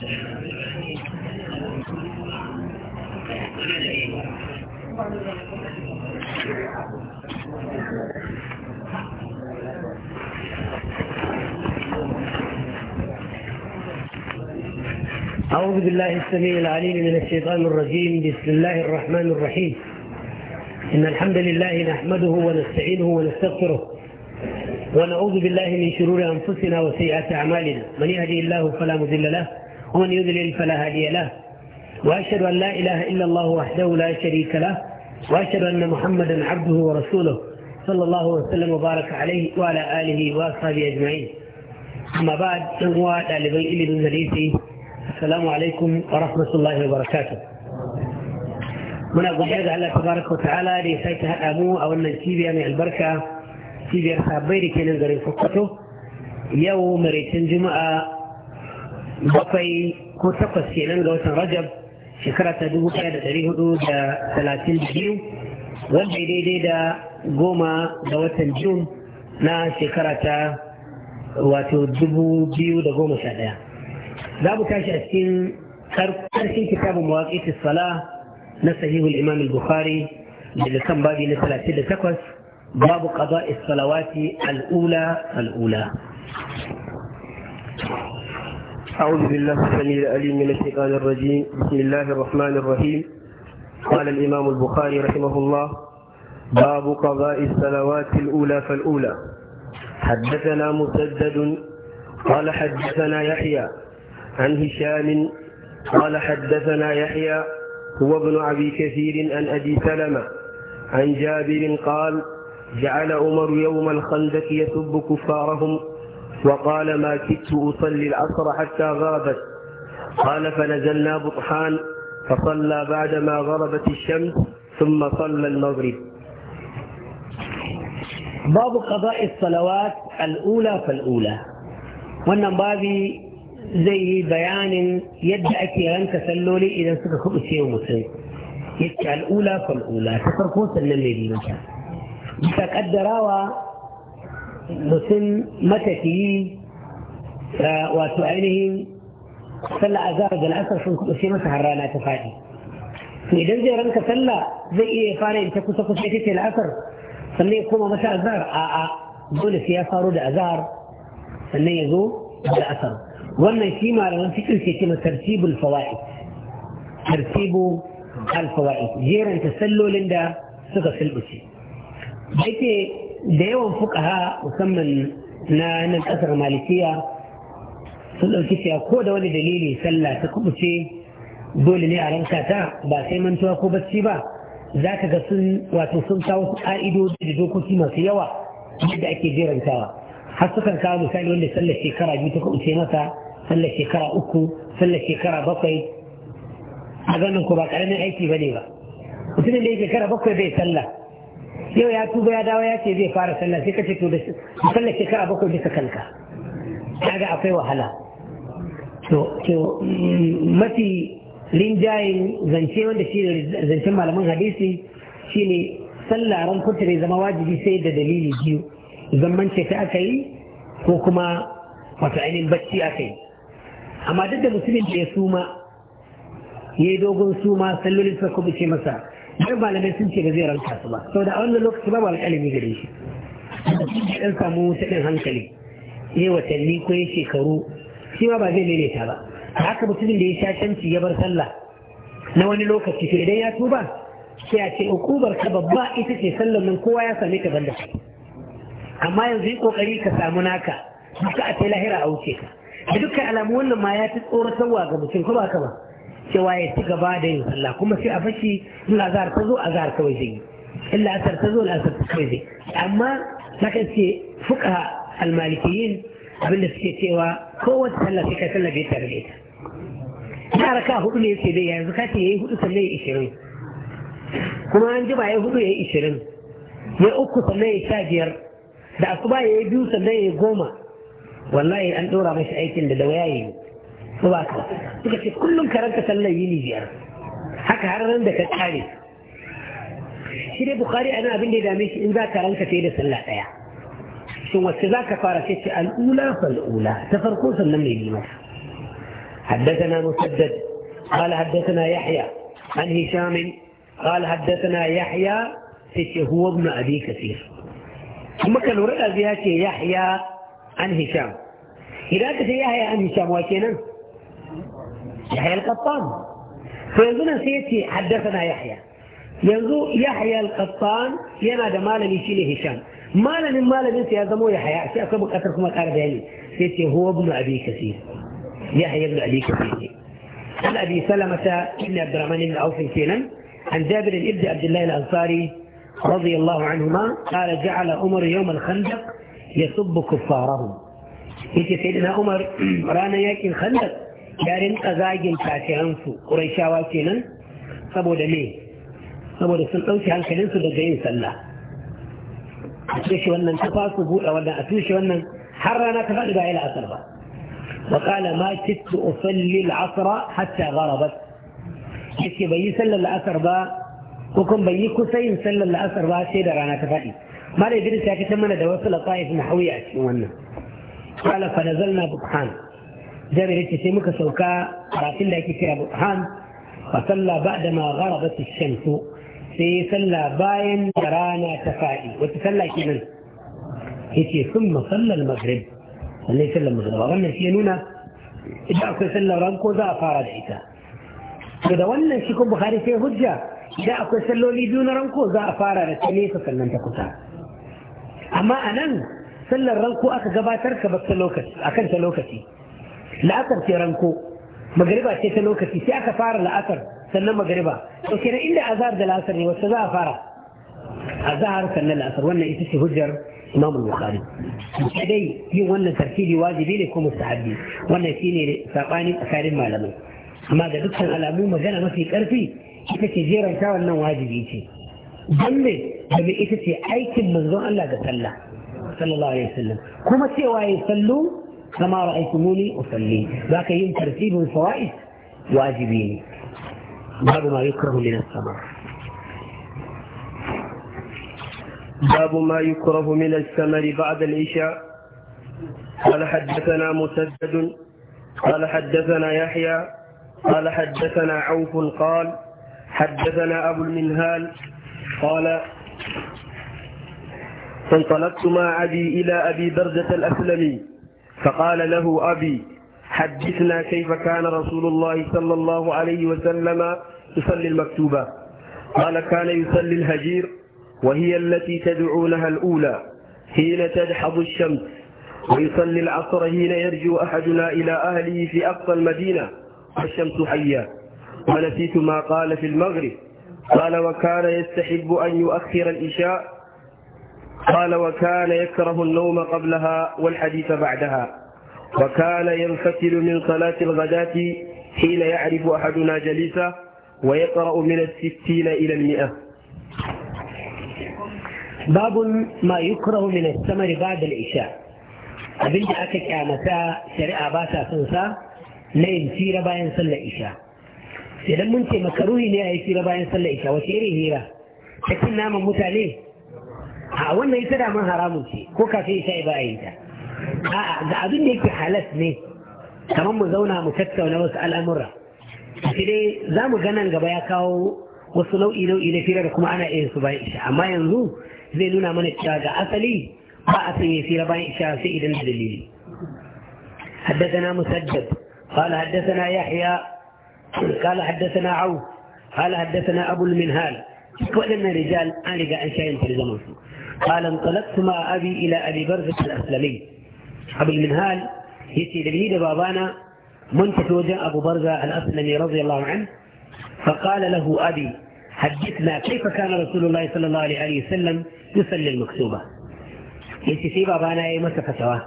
أعوذ بالله السميع العليم من الشيطان الرجيم بسم الله الرحمن الرحيم إن الحمد لله نحمده ونستعينه ونستغفره ونعوذ بالله من شرور أنفسنا وسيئات أعمالنا من يهدي الله فلا مذل له ومن يذلل فلا هادي له وأشهد أن لا إله إلا الله وحده لا شريك له وأشهد أن محمدا عبده ورسوله صلى الله وسلم وبارك عليه وعلى آله وأصحابه أجمعين أما بعد أنواع طالبي إلي الحديث السلام عليكم ورحمة الله وبركاته من godiya على تبارك وتعالى ta'ala أمو أو أن haɗa من البركة wannan cibiya mai albarka cibiyar sabai da bakwai ko takwas kenan ga watan rajab shekara ta dubu ɗaya da ɗari hudu da talatin da biyu wanda ya daidai da goma ga watan jun na shekara ta wato dubu biyu da goma sha ɗaya za mu tashi a cikin ƙarshen kitabun mawaƙi sala na sahihul imam bukhari daga kan babi na talatin da takwas babu qada'i salawati al'ula al'ula أعوذ بالله السميع العليم من الشيطان الرجيم بسم الله الرحمن الرحيم قال الإمام البخاري رحمه الله باب قضاء الصلوات الأولى فالأولى حدثنا مسدد قال حدثنا يحيى عن هشام قال حدثنا يحيى هو ابن أبي كثير عن أبي سلمة عن جابر قال جعل عمر يوم الخندق يسب كفارهم وقال ما كدت أصلي العصر حتى غابت قال فنزلنا بطحان فصلى بعدما غربت الشمس ثم صلى المغرب باب قضاء الصلوات الأولى فالأولى وأن بابي زي بيان يدعي يدعك يغن تسلولي إذا سكت خمس يوم سن يدعك الأولى فالأولى تتركوا سنن لي بمكان متقدر مسلم متكي وسؤاله سلا ازار جل اسر شن كو شي مسح رانا تفادي في دنج رنك سلا زي ايه فانا إن كنت آه، آه، كنت في الاثر سلا يقوم مسح ازار ا دول في اثر ود ازار سلا يزو الاثر وانا في ما لون في كل كلمه ترتيب الفوائد ترتيب الفوائد جيرن تسلل لندا سقف البشي بيتي da yawan fukaha musamman na nan kasar malikiya sun ɗauki cewa ko da wani dalili sallah ta kubuce dole ne a ranka ta ba sai mantuwa ko bacci ba za ka ga sun wato sun kawo su ƙa'idodi da dokoki masu yawa yadda ake jerantawa har sukan kawo misali wanda sallar shekara biyu ta kubuce masa sallar shekara uku sallar shekara bakwai a ganin ko ba ƙaramin aiki ba ne ba mutumin da ya shekara bakwai bai sallah yau ya tuba ya dawo ya ce zai fara sallah sai ka ce to da sallah shekara bakwai bisa kanka kaga akwai wahala to to mafi rinjayen zance wanda shi ne zancen malaman hadisi shine sallah ran kutare zama wajibi sai da dalili biyu zamman ce ta aka yi ko kuma wata ainihin bacci aka yi amma duk da musulun da ya suma ya yi dogon suma sallolin suka kuma ce masa sai malamai sun ce ba zai ranka su ba sau da a wannan lokaci babu alƙalami gare shi ɗan samu taɗin hankali ya watanni ko ya shekaru shi ma ba zai daidaita ba a haka mutumin da ya sha canci ya bar sallah na wani lokaci to idan ya tuba sai a ce ukubar ka babba ita ce sallar nan kowa ya same ta banda amma yanzu yi kokari ka samu naka duka a ta lahira a wuce ka da dukkan alamu wannan ma ya fi tsoratarwa ga mutum ko ba ka ba cewa ya ci gaba da yin sallah kuma sai a fashi in azhar ta zo azhar kawai zai yi in la'asar ta zo la'asar ta kawai zai amma na kan ce fuka almalikiyin abinda suke cewa kowace sallah sai ka sallah bai tare da ita ya ka hudu ne sai dai yanzu ka ce yayi hudu sannan yi ishirin kuma an ji ba yi hudu yayi ishirin ya yi uku sannan yayi sha biyar da asuba ya yi biyu sannan yi goma wallahi an ɗora mashi aikin da da waya yayi سواك تكفي كلهم كرنت سلا ييجي أنا هك هرنا ده بخاري أنا أبين لي دامي إن ذا كرنت تيل سلا تيا ثم سلاك فارسيت الأولى فالأولى تفرقوا سلم لي بيمار حدثنا مسدد قال حدثنا يحيى عن هشام قال حدثنا يحيى في هو ابن أبي كثير ثم كان رأى يحيى عن هشام إذا كنت يحيى عن هشام وكينا يحيى القطان فينزل سيتي حدثنا يحيى ينظر يحيى القطان ينا ده يشيل شيني هشام مالا مالا انت يا زمو يحيى شي اكو بكثر كما قال يعني. سيتي هو ابن ابي كثير يحيى ابن ابي كثير عن ابي سلمه بن عبد الرحمن بن عوف كيلا عن جابر بن عبد الله الانصاري رضي الله عنهما قال جعل عمر يوم الخندق يسب كفارهم يجي سيدنا عمر رانا ياكل خندق ya rinka zagin kafiransu ƙurashawa kenan saboda me saboda sun ɗauke hankalinsu daga yin sallah a tushe wannan ta fasu buɗe wannan a tushe wannan har rana ta faɗi ba yi la'asar ba وقال ما كدت أصلي العصر حتى غربت yake bai yi sallar la'asar ba ko kuma bai yi kusa yin sallar la'asar ba sai da rana ta faɗi mala idris ya fitar mana da wasu lafa'if na hauya a cikin wannan qala fa nazalna bukhan jabir yace sai muka sauka karatun da ake kira burhan fa salla ba'da ma gharabat ash-shams sai salla bayan da rana ta fadi wata salla kenan yace thumma salla al-maghrib sallai sallar maghrib wannan shi ya nuna idan akwai sallar ranko za a fara da ita to da wannan shi kun bukhari sai hujja idan akwai salloli biyu na ranko za a fara da ta nesa sannan ta kusa amma a nan sallar ranko aka gabatar ka bakta lokaci akan ta lokaci la'asar ce ranko magariba ce ta lokaci sai aka fara la'asar sannan magariba to kenan inda azhar da la'asar ne wacce za a fara azhar sannan la'asar wannan ita ce hujjar imam al-bukhari sai dai yin wannan tartibi wajibi ne ko mustahabi wannan shine sabani tsakanin malamai amma da dukkan alamu magana mafi karfi ita ce jeranta wannan wajibi ce don me ita ce aikin manzon Allah ga sallah sallallahu alaihi wasallam kuma cewa ya sallu كما رأيتموني أصلي ذاك يوم ترتيب الفوائد واجبين باب ما يكره من السماء باب ما يكره من السمر بعد العشاء قال حدثنا مسدد قال حدثنا يحيى قال حدثنا عوف قال حدثنا أبو المنهال قال فانطلقت مع أبي إلى أبي بردة الأسلمي فقال له أبي حدثنا كيف كان رسول الله صلى الله عليه وسلم يصلي المكتوبة قال كان يصلي الهجير وهي التي تدعونها الأولى حين تدحض الشمس ويصلي العصر حين يرجو أحدنا إلى أهله في أقصى المدينة والشمس حية ونسيت ما قال في المغرب قال وكان يستحب أن يؤخر الإشاء قال وكان يكره النوم قبلها والحديث بعدها وكان ينفتل من صلاة الغداة حين يعرف أحدنا جليسة ويقرأ من الستين إلى المئة باب ما يكره من السمر بعد العشاء أبن جاءتك يا مساء شرع باسا سنسا لا يمسير باين صلى عشاء إذا انت مكروه لا يمسير باين صلى عشاء وشيري هيرا لكن نام متعليه a wannan ita daman haramun ce ko kafin isa ba a yi ta a'a ga abin da yake halas ne kamar mu zauna mu tattauna wasu al'amura sai dai za mu ganan gaba ya kawo wasu nau'i nau'i na fira da kuma ana iya su bayan isha amma yanzu zai nuna mana cewa ga asali ba a sanya fira bayan isha sai idan da dalili حدثنا مسدد قال حدثنا يحيى قال حدثنا عوف قال حدثنا أبو المنهال waɗannan rijal an riga an shayin su قال انطلقت مع أبي إلى أبي برزة الأسلمي من المنهال يتي دليل بابانا من أبو برزة الأسلمي رضي الله عنه فقال له أبي حدثنا كيف كان رسول الله صلى الله عليه وسلم يصلي المكتوبة يتي سي بابانا أي مسا فتوى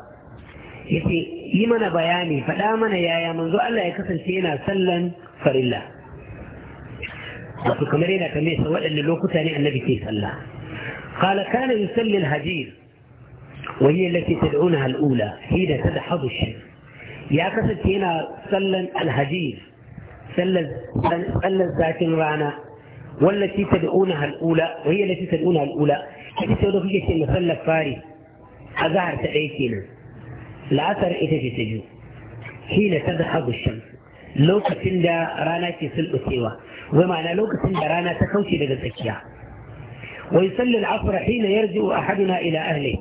يتي يمن بياني فلا من يا يا منذ الله يكسر سينا سلم فلله وفي كمرينا yana tambaye sa waɗanda lokuta النبي annabi ke قال كان يسلي الهجير وهي التي تدعونها الأولى حين تدحض الشمس يا كسد هنا سلا الهجير سلا ساكن رانا والتي تدعونها الأولى وهي التي تدعونها الأولى التي تدعونها في مسلة فاري أظهر تأيكينا الأثر إذا تجو حين تدحض الشمس لو كتن رانا في سلء ومعنى لو كتن رانا تكوشي لدى تكيا ويصلي العصر حين يرجع أحدنا إلى أهله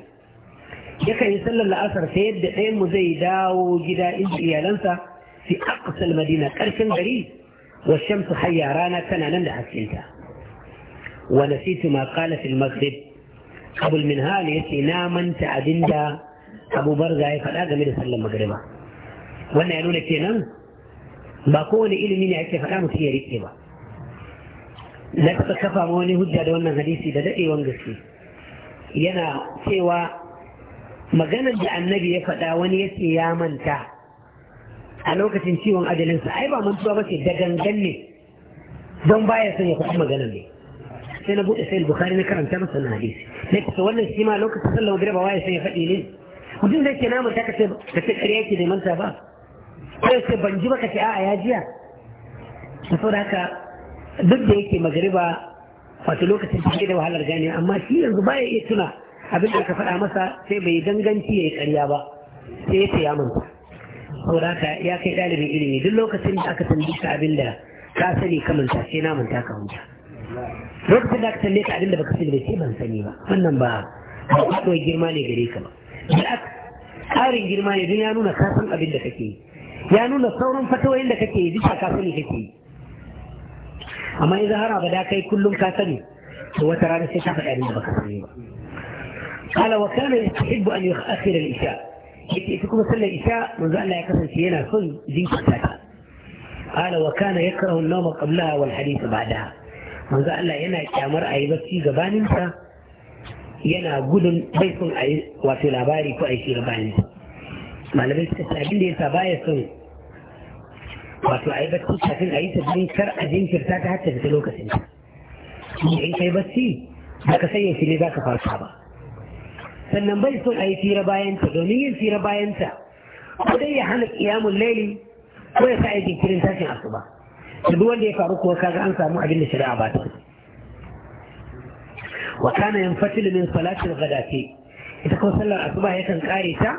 يكن يصلي العصر سيد دقين مزيدا وجدا يا لنسى في أقصى المدينة كرشن بريد والشمس حيارانا كان نمدع السلطة ونسيت ما قال في المغرب أبو المنهال يسي ناما تعدندا أبو برزا يفعل هذا من يسلم المغرب وأنا يقول لك ما كون إلي ne ake فلا mutum ya na kasa kafa ma wani hujja da wannan hadisi da daɗewan gaske yana cewa maganar da annabi ya faɗa wani ya ce ya manta a lokacin ciwon ajalinsa ai ba mantuwa ba ce da gangan ne don baya son ya faɗi maganar ne sai na buɗe sayil bukari na karanta masa na hadisi na kusa wannan shi ma lokacin sallar gida ba waya son ya faɗi ne mutum zai ce ta manta ka ce ƙarya yake neman ta ba ko ya ce ban ji ba ka ce a'a ya jiya saboda haka duk da yake magariba wato lokacin ta da wahalar gane amma shi yanzu baya iya tuna abin da ka faɗa masa sai bai danganci ya yi ƙarya ba sai ya ya manta saboda haka ya kai ɗalibin ilimi duk lokacin da aka tambaye ka abin da ka sani ka manta sai na manta ka huta lokacin da aka tambaye ka abin da baka sani ba sai ban sani ba wannan ba ba girma ne gare ka ba ƙarin girma ne don ya nuna kasan abin da kake yi ya nuna sauran fatawayin da kake yi duka ka ne kake yi أما إذا zahara ba da kai kullum ka sani to wata rana sai قال وكان يستحب ان يؤخر الاشاء إذا يتيكم صلى الاشاء منذ الله يكفي في هنا كل ذي ساعه قال وكان يكره النوم قبلها والحديث بعدها منذ لا ينا كامر اي بس في غبانينسا ينا غدن بيكون اي وفي لاباري كو شي في غبانينسا ما لبيت تسابين دي سابايا سوي wato a yi bacci kafin a yi ta kar a jinkirta ta hatta fita lokacin ta in kai bacci ba ka sanya shi ne za ka farka ba sannan bai son a yi fira bayan ta domin yin fira bayanta, ta ko dai ya hana kiyamun laili ko ya sa a yi jinkirin tashin asuba da duk wanda ya faru kuwa kaga an samu abin da shari'a ba ta wa kana yanfatilu min salatil ghadati ita ko sallar asuba yakan kare ta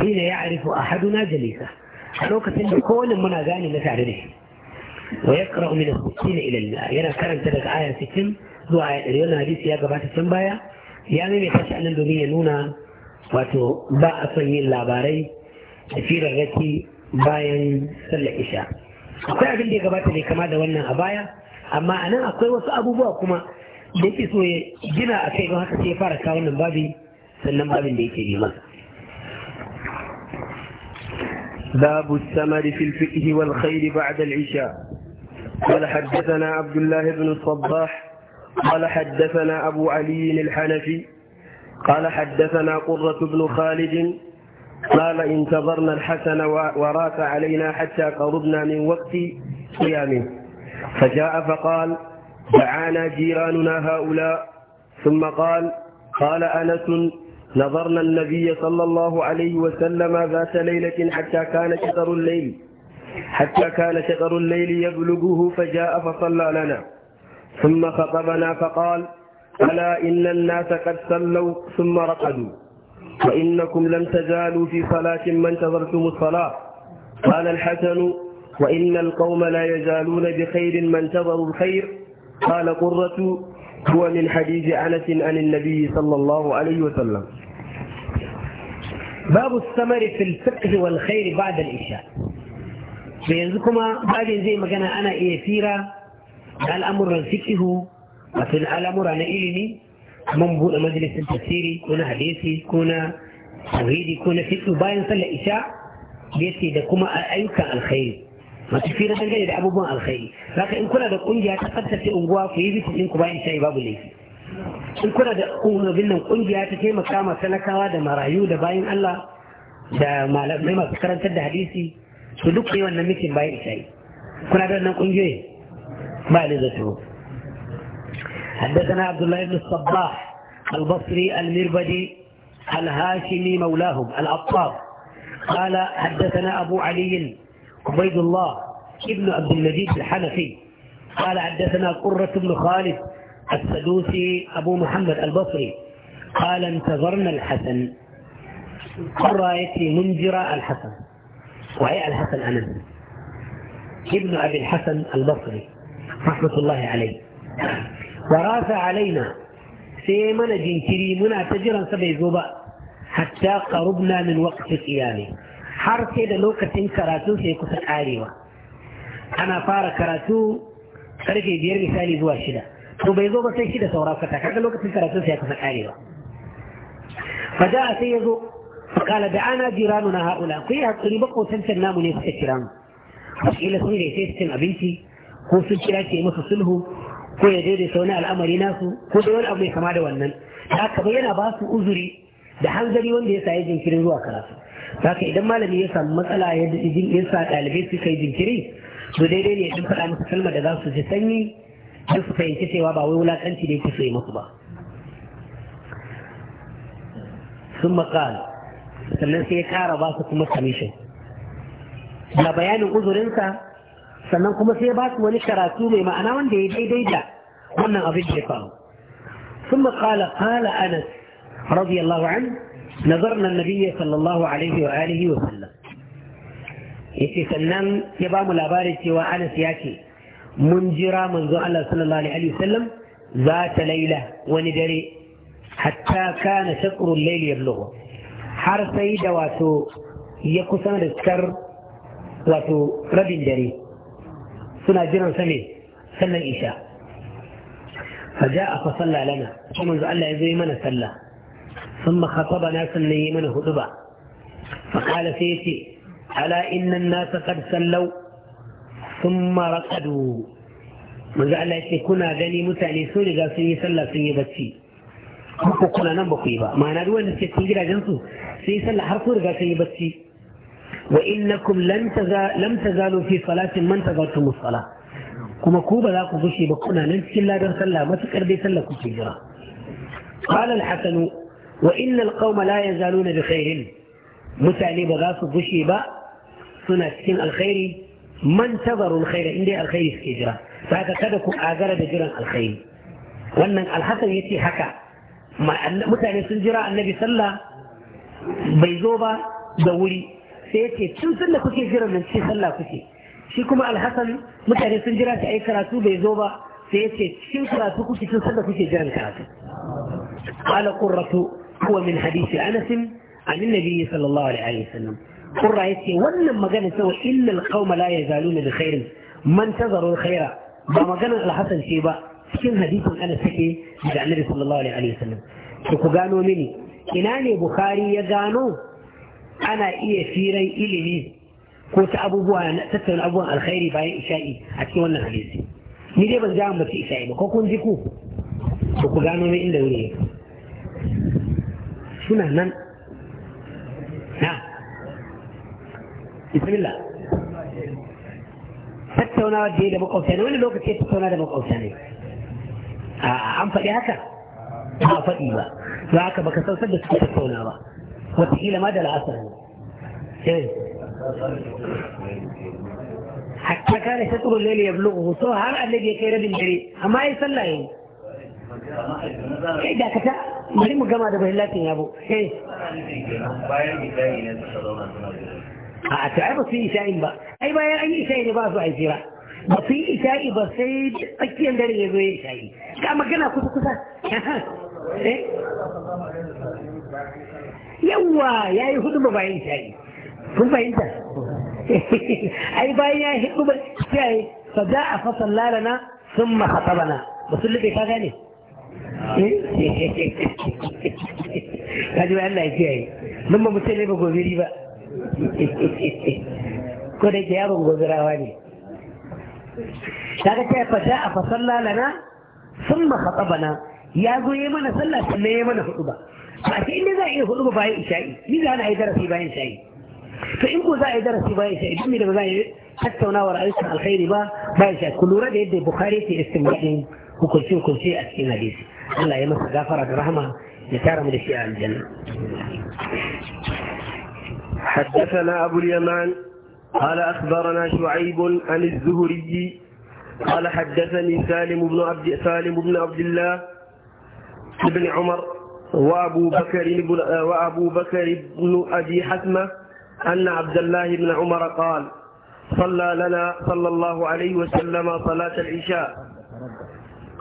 ya hina a Haduna jalisa a lokacin da kowane muna gane na tare da shi wa yaqra'u min as yana karanta daga aya 60 zuwa aya 100 wannan hadisi ya gabata can baya ya nuna tashi nan domin ya nuna wato ba a son yin labarai da firarraki bayan sallar isha akwai abin da ya gabata ne kama da wannan a baya amma a nan akwai wasu abubuwa kuma da yake so ya gina a kai don haka sai ya fara kawo wannan babi sannan babin da yake bi masa باب السمر في الفقه والخير بعد العشاء قال حدثنا عبد الله بن الصباح قال حدثنا أبو علي الحنفي قال حدثنا قرة بن خالد قال انتظرنا الحسن وراك علينا حتى قربنا من وقت صيامه فجاء فقال دعانا جيراننا هؤلاء ثم قال قال أنس نظرنا النبي صلى الله عليه وسلم ذات ليلة حتى كان شطر الليل حتى كان شطر الليل يبلغه فجاء فصلى لنا ثم خطبنا فقال ألا إن الناس قد صلوا ثم رقدوا وإنكم لم تزالوا في صلاة ما انتظرتم الصلاة قال الحسن وإن القوم لا يزالون بخير ما انتظروا الخير قال قرة هو من حديث أنس عن النبي صلى الله عليه وسلم باب الثمر في الفقه والخير بعد العشاء فينزكما بعد زي ما كان أنا إيه على الأمر الفقه وفي الأمر أنا إلمي إيه من بود مجلس التفسيري كون حديثي كون توحيدي كون فقه باين صلى العشاء بيتي ايك الخير masu fira dangane da abubuwan alkhairi zaka in kuna da kungiya ta tsaftace unguwa ku yi bisu ɗinku bayan shayi babu laifi in kuna da unabin nan kungiya ta taimaka ma talakawa da marayu da bayan Allah da malamai masu karantar da hadisi su duk yi wannan mitin bayan isha'i kuna da wannan kungiyoyi ba da zato حدثنا عبد الله بن الصباح البصري المربدي الهاشمي مولاهم العطار قال حدثنا أبو علي عبيد الله ابن عبد المجيد الحنفي قال حدثنا قرة بن خالد السدوسي أبو محمد البصري قال انتظرنا الحسن قرة يأتي منجرة الحسن وهي الحسن أنا ابن أبي الحسن البصري رحمة الله عليه وراث علينا سيمنا جنكري منا تجرا سبع زوبا حتى قربنا من وقت قيامه har sai da lokacin karatu sai kusa karewa ana fara karatu karfe biyar misali zuwa shida to bai zo ba sai shida saura fata kaga lokacin karatu sai kusa karewa faja a sai ya zo kala da ana jiranu na haula ku yi hakuri ba tantan namu ne suka kira mu wakila sun sai cikin abinci ko sun kira ke musu sulhu ko ya daidaita na al'amari nasu ko da wani abu mai kama da wannan da aka yana ba su uzuri da hanzari wanda ya sayi jinkirin zuwa karatu haka idan malami ya samu matsala ya sa ɗalibai su kai jinkiri to daidai ne ya faɗa musu kalmar da za su ji sanyi har su fahimci cewa ba wai wulaƙanci da ku so ya musu ba sun maƙala sannan sai ya ƙara ba su kuma kamishin da bayanin uzurinsa sannan kuma sai ba su wani karatu mai ma'ana wanda ya daidai da wannan abin da ya faru sun maƙala ƙala anas radiyallahu anhu نظرنا النبي صلى الله عليه وآله وسلم يتي سنن يبا ملابار سوى أنا سياكي منجرا منذ الله صلى الله عليه وسلم ذات ليلة وندري حتى كان شكر الليل يبلغه har sai da wato ya kusan riskar wato rabin dare suna jiran sa ne sannan isha fa ja'a fa salla lana ثم خطبنا سني من هدبا فقال سيتي ألا إن الناس قد سلوا ثم رقدوا من قال لك كنا غني متاني سوري قال سني سلا سني بتشي ko kuna nan ba ku yi ba ma'ana duk wanda suke cikin gidajensu sai sallah har ku riga sun yi bacci wa innakum lam tazalu fi salatin man tazaltum musalla kuma ku ba za ku gushe ba kuna nan cikin ladar sallah matukar dai sallah kuke jira qala al-hasanu wa innal qauma la yazaluna bi khairin mutane ba za su gushe ba suna cikin alkhairi man tazaru alkhaira inda alkhairi suke jira saka kada ku agara da jiran alkhairi wannan alhasan yace haka mutane sun jira annabi sallah bai zo ba da wuri sai yace tun sallah kuke jiran nan ce sallah kuke shi kuma alhasan mutane sun jira ta karatu bai zo ba sai cikin karatu kuke tun sallah kuke jiran karatu هو من حديث أنس عن النبي صلى الله عليه وسلم قل رأيتي ولما قال سوى ان القوم لا يزالون بخير ما انتظروا الخير بما قال الحسن شيبا كم حديث انس سكي عن النبي صلى الله عليه وسلم شكو قانوا مني انا بخاري يقانوا أنا إيه في رأي إلي لي كنت أبوها من أبوها الخير باي إشائي أكي ولا حديثي ندي بس جامل في إشائي بكو كنت كوف شكو قانوا مني إلا وليه شبه من نعم بسم الله حتى هنا وجهي الى بقعه ثانيه وين الوقت كيف تكون هذا بقعه ثانيه؟ آه، عن فقي هكا؟ اه فقي با فهكا بك تصدق كيف تكون هذا؟ وتحيل ما دل إيه. حتى كان شطر الليل يبلغه سهر الذي كان من بريء اما يصلى kai dakata bari mu gama da bahillatin yabo eh a ta ba su yi isha'in ba ai bayan an yi isha'i ne ba su a jira ba su yi isha'i ba sai tsakiyar dare ya zo yi isha'i ka magana kusa kusa eh? yawa ya yi hudu ba bayan isha'i kun fahimta ai bayan ya yi hudu ba sai fa za a fasa lalana sun mahatsabana ba sun lube ka gane kaji ba Allah ya yi nan ba mutane ne ba gobiri ba ko da yaron gobirawa ne kaga ta fata a fasalla lalana sun ma bana ya zo ya mana sallah ne ya mana hudu ba a ake inda za a iya hudu ba bayan isha'i ni za a yi darasi bayan isha'i to in ko za a yi darasi bayan isha'i don me da ba za a yi tattaunawar ayyukan alkhairi ba bayan isha'i ku lura da yadda bukhari ke istimbaɗin وكل شيء وكل شيء hadisi لي ya masa gafara da rahama ya tara mu da حدثنا أبو اليمان قال أخبرنا شعيب عن الزهري قال حدثني سالم بن عبد سالم بن عبد الله بن عمر وأبو بكر بن وأبو بكر بن أبي حتمة أن عبد الله بن عمر قال صلى لنا صلى الله عليه وسلم صلاة العشاء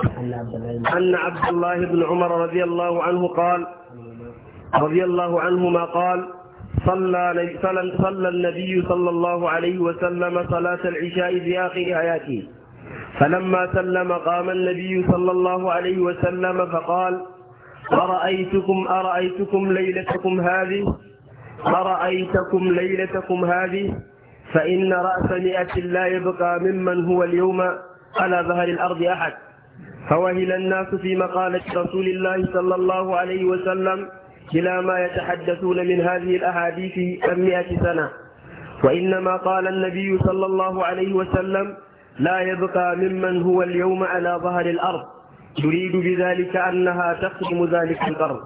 أن عبد الله بن عمر رضي الله عنه قال رضي الله عنهما قال صلى صلى النبي صلى الله عليه وسلم صلاة العشاء في آخر حياته فلما سلم قام النبي صلى الله عليه وسلم فقال أرأيتكم أرأيتكم ليلتكم هذه أرأيتكم ليلتكم هذه فإن رأس مئة لا يبقى ممن هو اليوم على ظهر الأرض أحد فوهل الناس في مقالة رسول الله صلى الله عليه وسلم إلى ما يتحدثون من هذه الأحاديث عن مئة سنة وإنما قال النبي صلى الله عليه وسلم لا يبقى ممن هو اليوم على ظهر الأرض يريد بذلك أنها تخدم ذلك القرن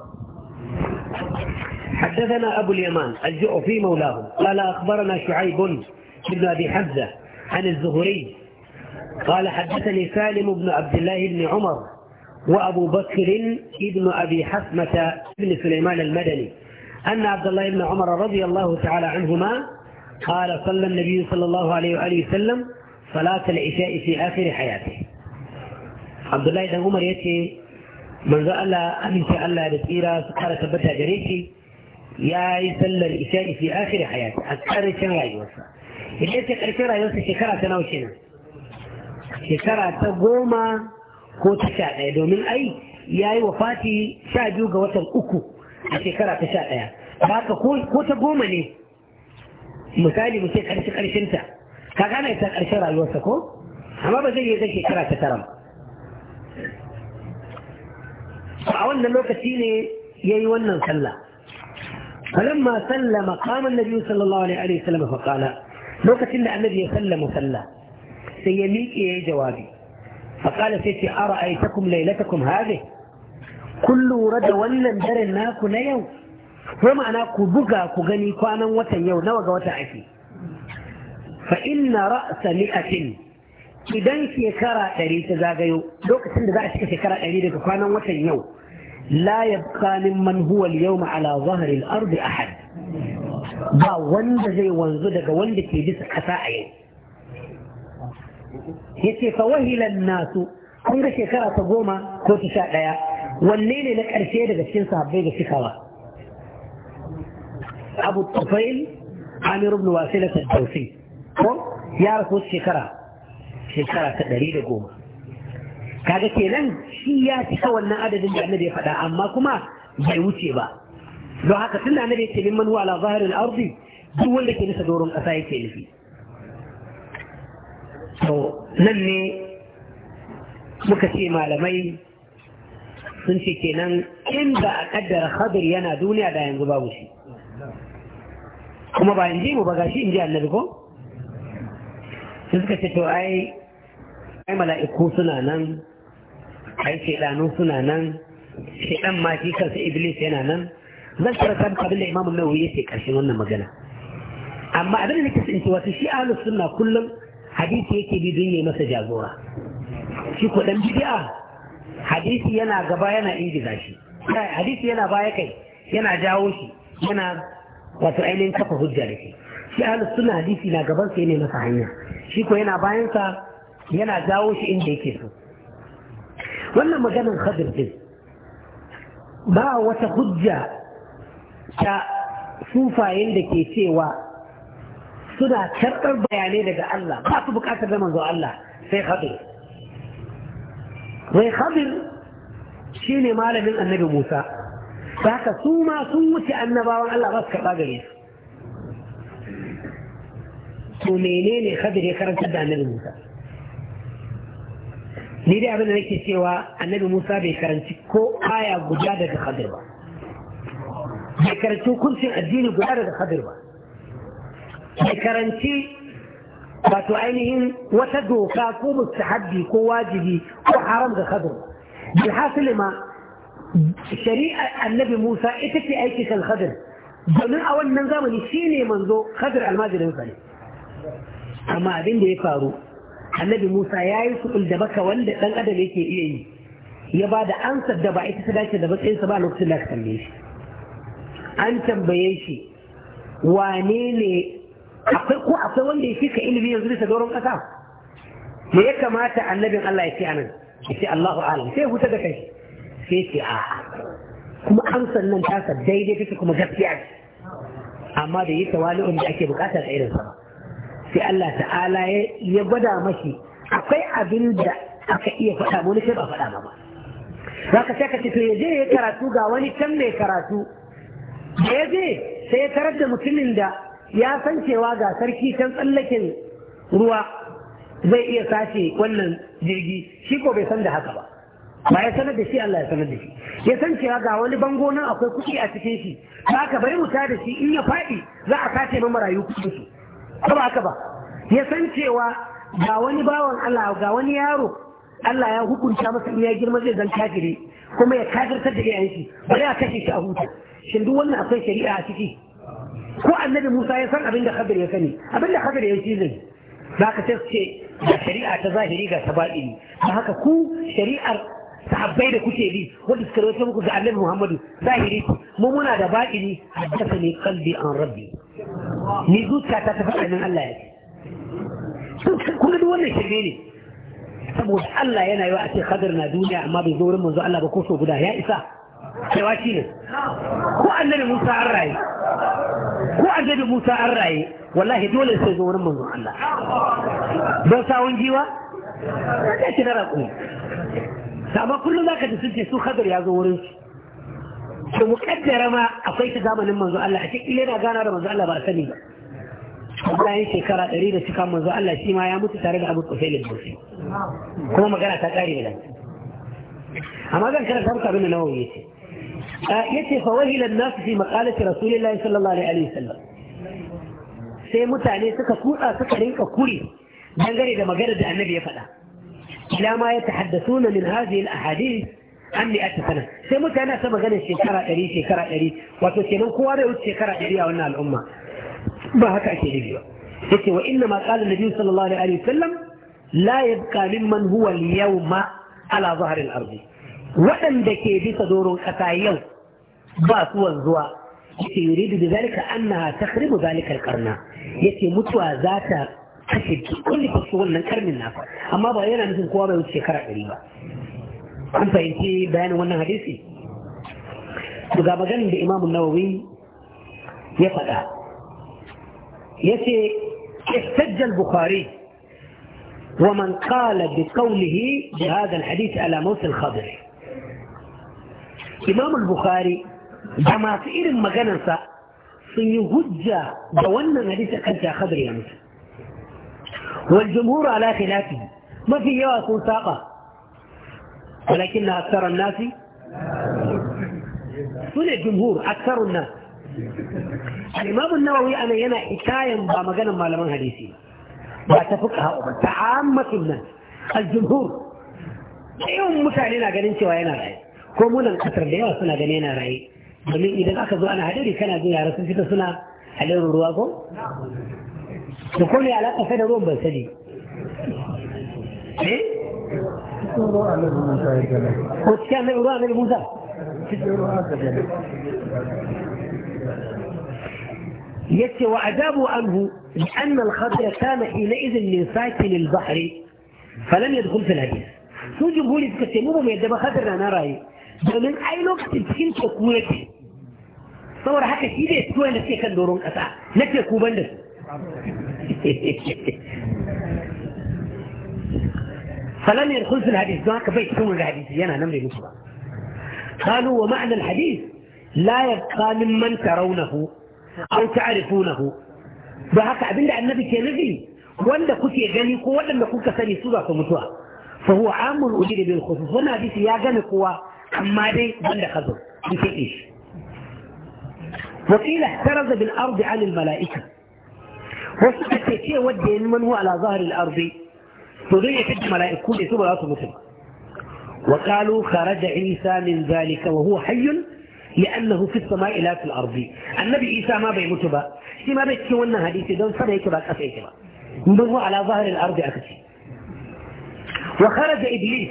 حدثنا أبو اليمان الجعفي مولاهم قال أخبرنا شعيب بن أبي حمزة عن الزهري قال حدثني سالم بن عبد الله بن عمر وأبو بكر ابن أبي حسمة بن سليمان المدني أن عبد الله بن عمر رضي الله تعالى عنهما قال صلى النبي صلى الله عليه وآله وسلم صلاة العشاء في آخر حياته عبد الله بن عمر يتي من قال ان شاء الله بسيرة قال ثبتها جريشي يا yi العشاء في اخر حياته اكثر شيء ƙarshen rayuwarsa idan ya ce ƙarshen rayuwarsa shekara ta nawa shekara ta goma ko ta sha ɗaya domin ai ya yi wa fati sha biyu ga watan uku a shekara ta sha ɗaya ka ko ta goma ne misali mu ce ƙarshe ƙarshenta ka gane ta karshen rayuwarsa ko amma ba zai yi zai shekara ta tara a wannan lokaci ne ya yi wannan sallah فلما سلم قام النبي صلى الله عليه وسلم فقال لو كتن النبي سلم سلم سيمي إليه جوابي فقال سيتي أرأيتكم ليلتكم هذه كل رد ولن درناك نيو فما أنا كبقى كغني كوانا نوغا نوغ وتعفي فإن رأس مئة إذن في كرا أريد تزاقيو دوك سند ذاك في كرا أريد كوانا وتنيو لا يبقى ممن هو اليوم على ظهر الأرض أحد با وند زي وانزدك بس كفائي yace fa wahilan nasu kun ga shekara ta goma ko ta sha ɗaya wanne ne na karshe daga cikin sahabbai da cikawa abu tufail amir ibn wasila ko ya rasu shekara shekara ta ɗari da goma kaga kenan shi ya cika wannan adadin da annabi ya faɗa amma kuma bai wuce ba don haka tunda da annabi ya ce min manu ala zahirin ardi duk wanda ke nisa doron ƙasa yake nufi to nan ne muka ce malamai sun ce kenan inda a kaddara yana duniya da yanzu babu shi kuma ba in ji mu ba gashi in ji annabi ko sun suka ce to ai ai mala'iku suna nan ai shedanu suna nan shedan ma shi kansa iblis yana nan zan karanta muku abin da imamu nawawi yake karshen wannan magana amma abin da nake tsinci shi ahlus sunna kullum hadisi yake bi don yi masa jagora shi ko dan bid'a hadisi yana gaba yana ingiza shi hadisi yana baya kai yana jawo shi yana wato ainihin kafa hujja da shi shi ahlus sunna hadisi na gaban ya ne masa hanya shi ko yana bayan sa yana jawo shi inda yake so wannan maganar khadir din ba wata hujja ta sufayen da ke cewa suna karɓar bayanai daga Allah ba su buƙatar da manzo Allah sai khadir mai khadir shi ne malamin annabi Musa ta haka su ma sun wuce annabawan Allah ba su karɓa gare su to menene khadir ya karanta da annabi Musa ni dai abin da nake cewa annabi Musa bai karanci ko aya guda daga khadir ba bai karanci hukuncin addini guda daga khadir ba ya karanci wato ainihin wata doka ko mustahabbi ko wajibi ko haram ga kadar bil hasili ma shari'a annabi Musa ita ce aiki kan kadar domin a wannan zamani shine manzo kadar almajirin sa ne amma abin da ya faru annabi Musa ya yi sukul da baka wanda dan adam yake iya yi ya ba da ansar da ba ita ta dace da matsayinsa ba lokacin da aka tambaye shi an tambaye shi wane ne akwai ko akwai wanda ya fika ilimi yanzu bisa doron ƙasa me ya kamata annabin Allah ya ce anan ya ce Allahu alam sai huta da kai sai ce a kuma an sannan ta sa daidai take kuma gaskiya ce amma da yi tawali'un da ake bukata da irin sa sai Allah ta'ala ya gwada mashi akwai abin da aka iya faɗa wani sai ba faɗa ma ba za ka sai ka ce to ya je ya karatu ga wani can mai karatu da ya je sai ya tarar da mutumin da ya san cewa ga sarki can tsallakin ruwa zai iya sace wannan jirgi shi ko bai san da haka ba ba ya sanar da shi Allah ya sanar da shi ya san cewa ga wani bango nan akwai kuɗi a cikin shi ba ka bari wuta da shi in ya faɗi za a sace ma marayu kuɗin su ba haka ba ya san cewa ga wani bawan Allah ga wani yaro Allah ya hukunta masa in ya girma zai zan kafire kuma ya kafirtar da iyayen shi bari a kashe shi a huta shin duk wannan akwai shari'a a ciki ko annabi Musa ya san abin da Khadir ya sani abin da Khadir ya ci za ka ce da shari'a ta zahiri ga ta baɗi ba haka ku shari'ar sahabbai da kuke bi wanda suka rawaito muku ga annabi Muhammadu zahiri mu muna da a haddasa ne kalbi an rabbi ni zuciyata ta a nan Allah ya ce kuma duk wannan shirme ne saboda Allah yana yi wa a ce Khadir na duniya amma bai zo wurin manzo Allah ba ko so guda ya isa cewa shi ne ko annabi musa an raye ko annabi musa an raye wallahi dole sai zo wurin manzon Allah don sawun jiwa ya ce na raƙo amma kullum za ka ji sun ce su kadar ya zo wurin su to mu kaddara ma akwai ta zamanin manzon Allah a cikin yana gana da manzon Allah ba sani ba bayan shekara ɗari da cika manzo Allah shi ma ya mutu tare da Abu Qufail al-Busi kuma magana ta kare da amma zan karanta muku abin da Nawawi yace yace fa wahila an-nas fi maqalati rasulillahi sallallahu alaihi wasallam sai mutane suka kutsa suka rinka kuri dangare da magana da annabi ya faɗa ila ma ya tahaddathuna min hadhihi al-ahadith an ne ake sana sai mutane ta magana shekara ɗari shekara ɗari wato kenan kowa bai wuce shekara ɗari a wannan al'umma ba haka ake nufi ba yace wa inna ma qala nabi sallallahu alaihi wasallam la yabqa mimman huwa al-yawma ala zahri al-ardi waɗanda ke bisa doron ƙasa yau ba su wanzuwa yace yuridu da zalika annaha takhribu zalika karna. yace mutuwa za ta kashe dukkan fasu wannan karnin naka amma ba yana nufin kowa bai wuce shekara ɗari ba an fahimci bayanin wannan hadisi to ga maganin da imamu nawawi ya faɗa yace ce al-bukhari ومن قال بقوله بهذا الحديث على موت الخضر إ البخاري جمع في إ ر م مغنسا في هجه دونا نريد ان والجمهور على خلافه ما في ي ا ك و ولكن أ الناس سنة جمهور أكثر الناس الإمام النووي أنا ن ينا حكايه ب ا م غ ن ا هديسي لا تفكها أ ب الناس الجمهور ي و م مسالنا قال انت وين رايك ko munan kasar da yawa suna gane na raye domin idan aka zo ana hadari kana ji yara sun fita suna halin ruwa ko to ko ne alaka sai da ruwan ban sani ko cikin annabi ruwa ne musa يتي وأجابوا عنه لأن الخضر كان حينئذ من ساكن البحر فلم يدخل في الحديث سوجي بقولي تكتموه ما يدب خضر أنا رأي domin ai lokacin cikin teku yake saboda haka shi da su wanda ke kan doron kasa na teku banda su falan yin kunsun hadis don haka bai cikin wanda hadisi yana nan bai musu ba kanu wa ma'anar hadis la ya kamin man taraunahu au ta'arifunahu ba haka abinda annabi ke nufi wanda kuke gani ko waɗanda kuka sani su ba su mutuwa fa huwa amul ujibil khusus wannan hadisi ya gani kowa أما دي بند خذوا إيش وقيل احترز بالأرض عن الملائكة وسكتتي ودي من هو على ظهر الأرض تضيع تجي ملائكة يسوب الأرض مسلم وقالوا خرج عيسى من ذلك وهو حي لأنه في السماء لا في الأرض النبي عيسى ما بيموت بقى shi ما بيتكون cikin دون hadisi don sama من هو على ظهر الارض mun وخرج ابليس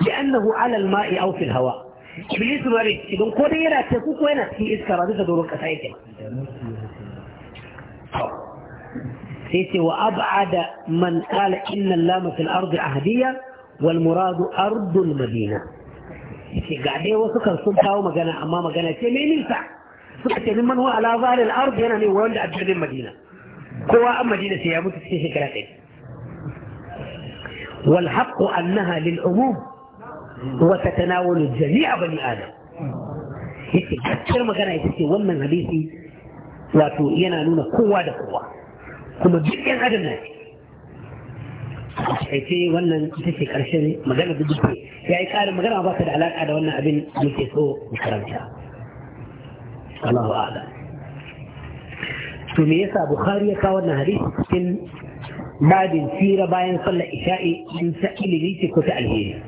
لأنه على الماء أو في الهواء إبليس مريض إذن كون تكوك وين في إذكار هذا دورك سيسي وأبعد من قال إن اللام في الأرض عهدية والمراد أرض المدينة قاعدين قاعدة وسكر وما ومجانا أما مجانا شيء مين ينفع سكت ممن هو على ظهر الأرض هنا من وين أبعد المدينة هو مدينة سياموت سيسي كراتين والحق أنها للعموم وتتناول جميع بني آدم gaskiyar magana ita ce wannan hadisi wato yana nuna kowa da kowa kuma duk yan adam na ce wannan ita ce karshen magana da duke ya yi karin magana ba ta da alaka da wannan abin da ke so mu karanta Allahu a'ala to me yasa Bukhari ya kawo wannan hadisi cikin babin sira bayan sallar isha'i in ta ilimi ce ko ta alheri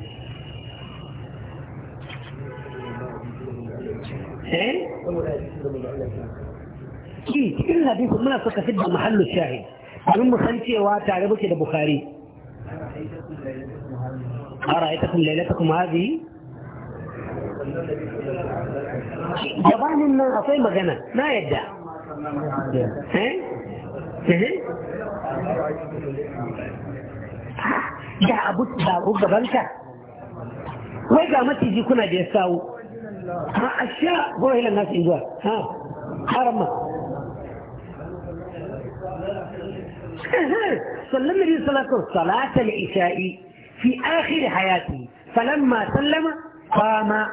ki cikin hadisin muna suka fidda mahallu shahid domin mu san cewa tare muke da bukhari أرأيتكم ليلتكم هذه جبان الناس أطيب غنى ما يدع da abu da ruga banka wai ga maciji kuna da ya sawo ها أشياء قول إلى الناس إيجاب ها حرمة سلم لي صلاته صلاة العشاء في آخر حياته فلما سلم قام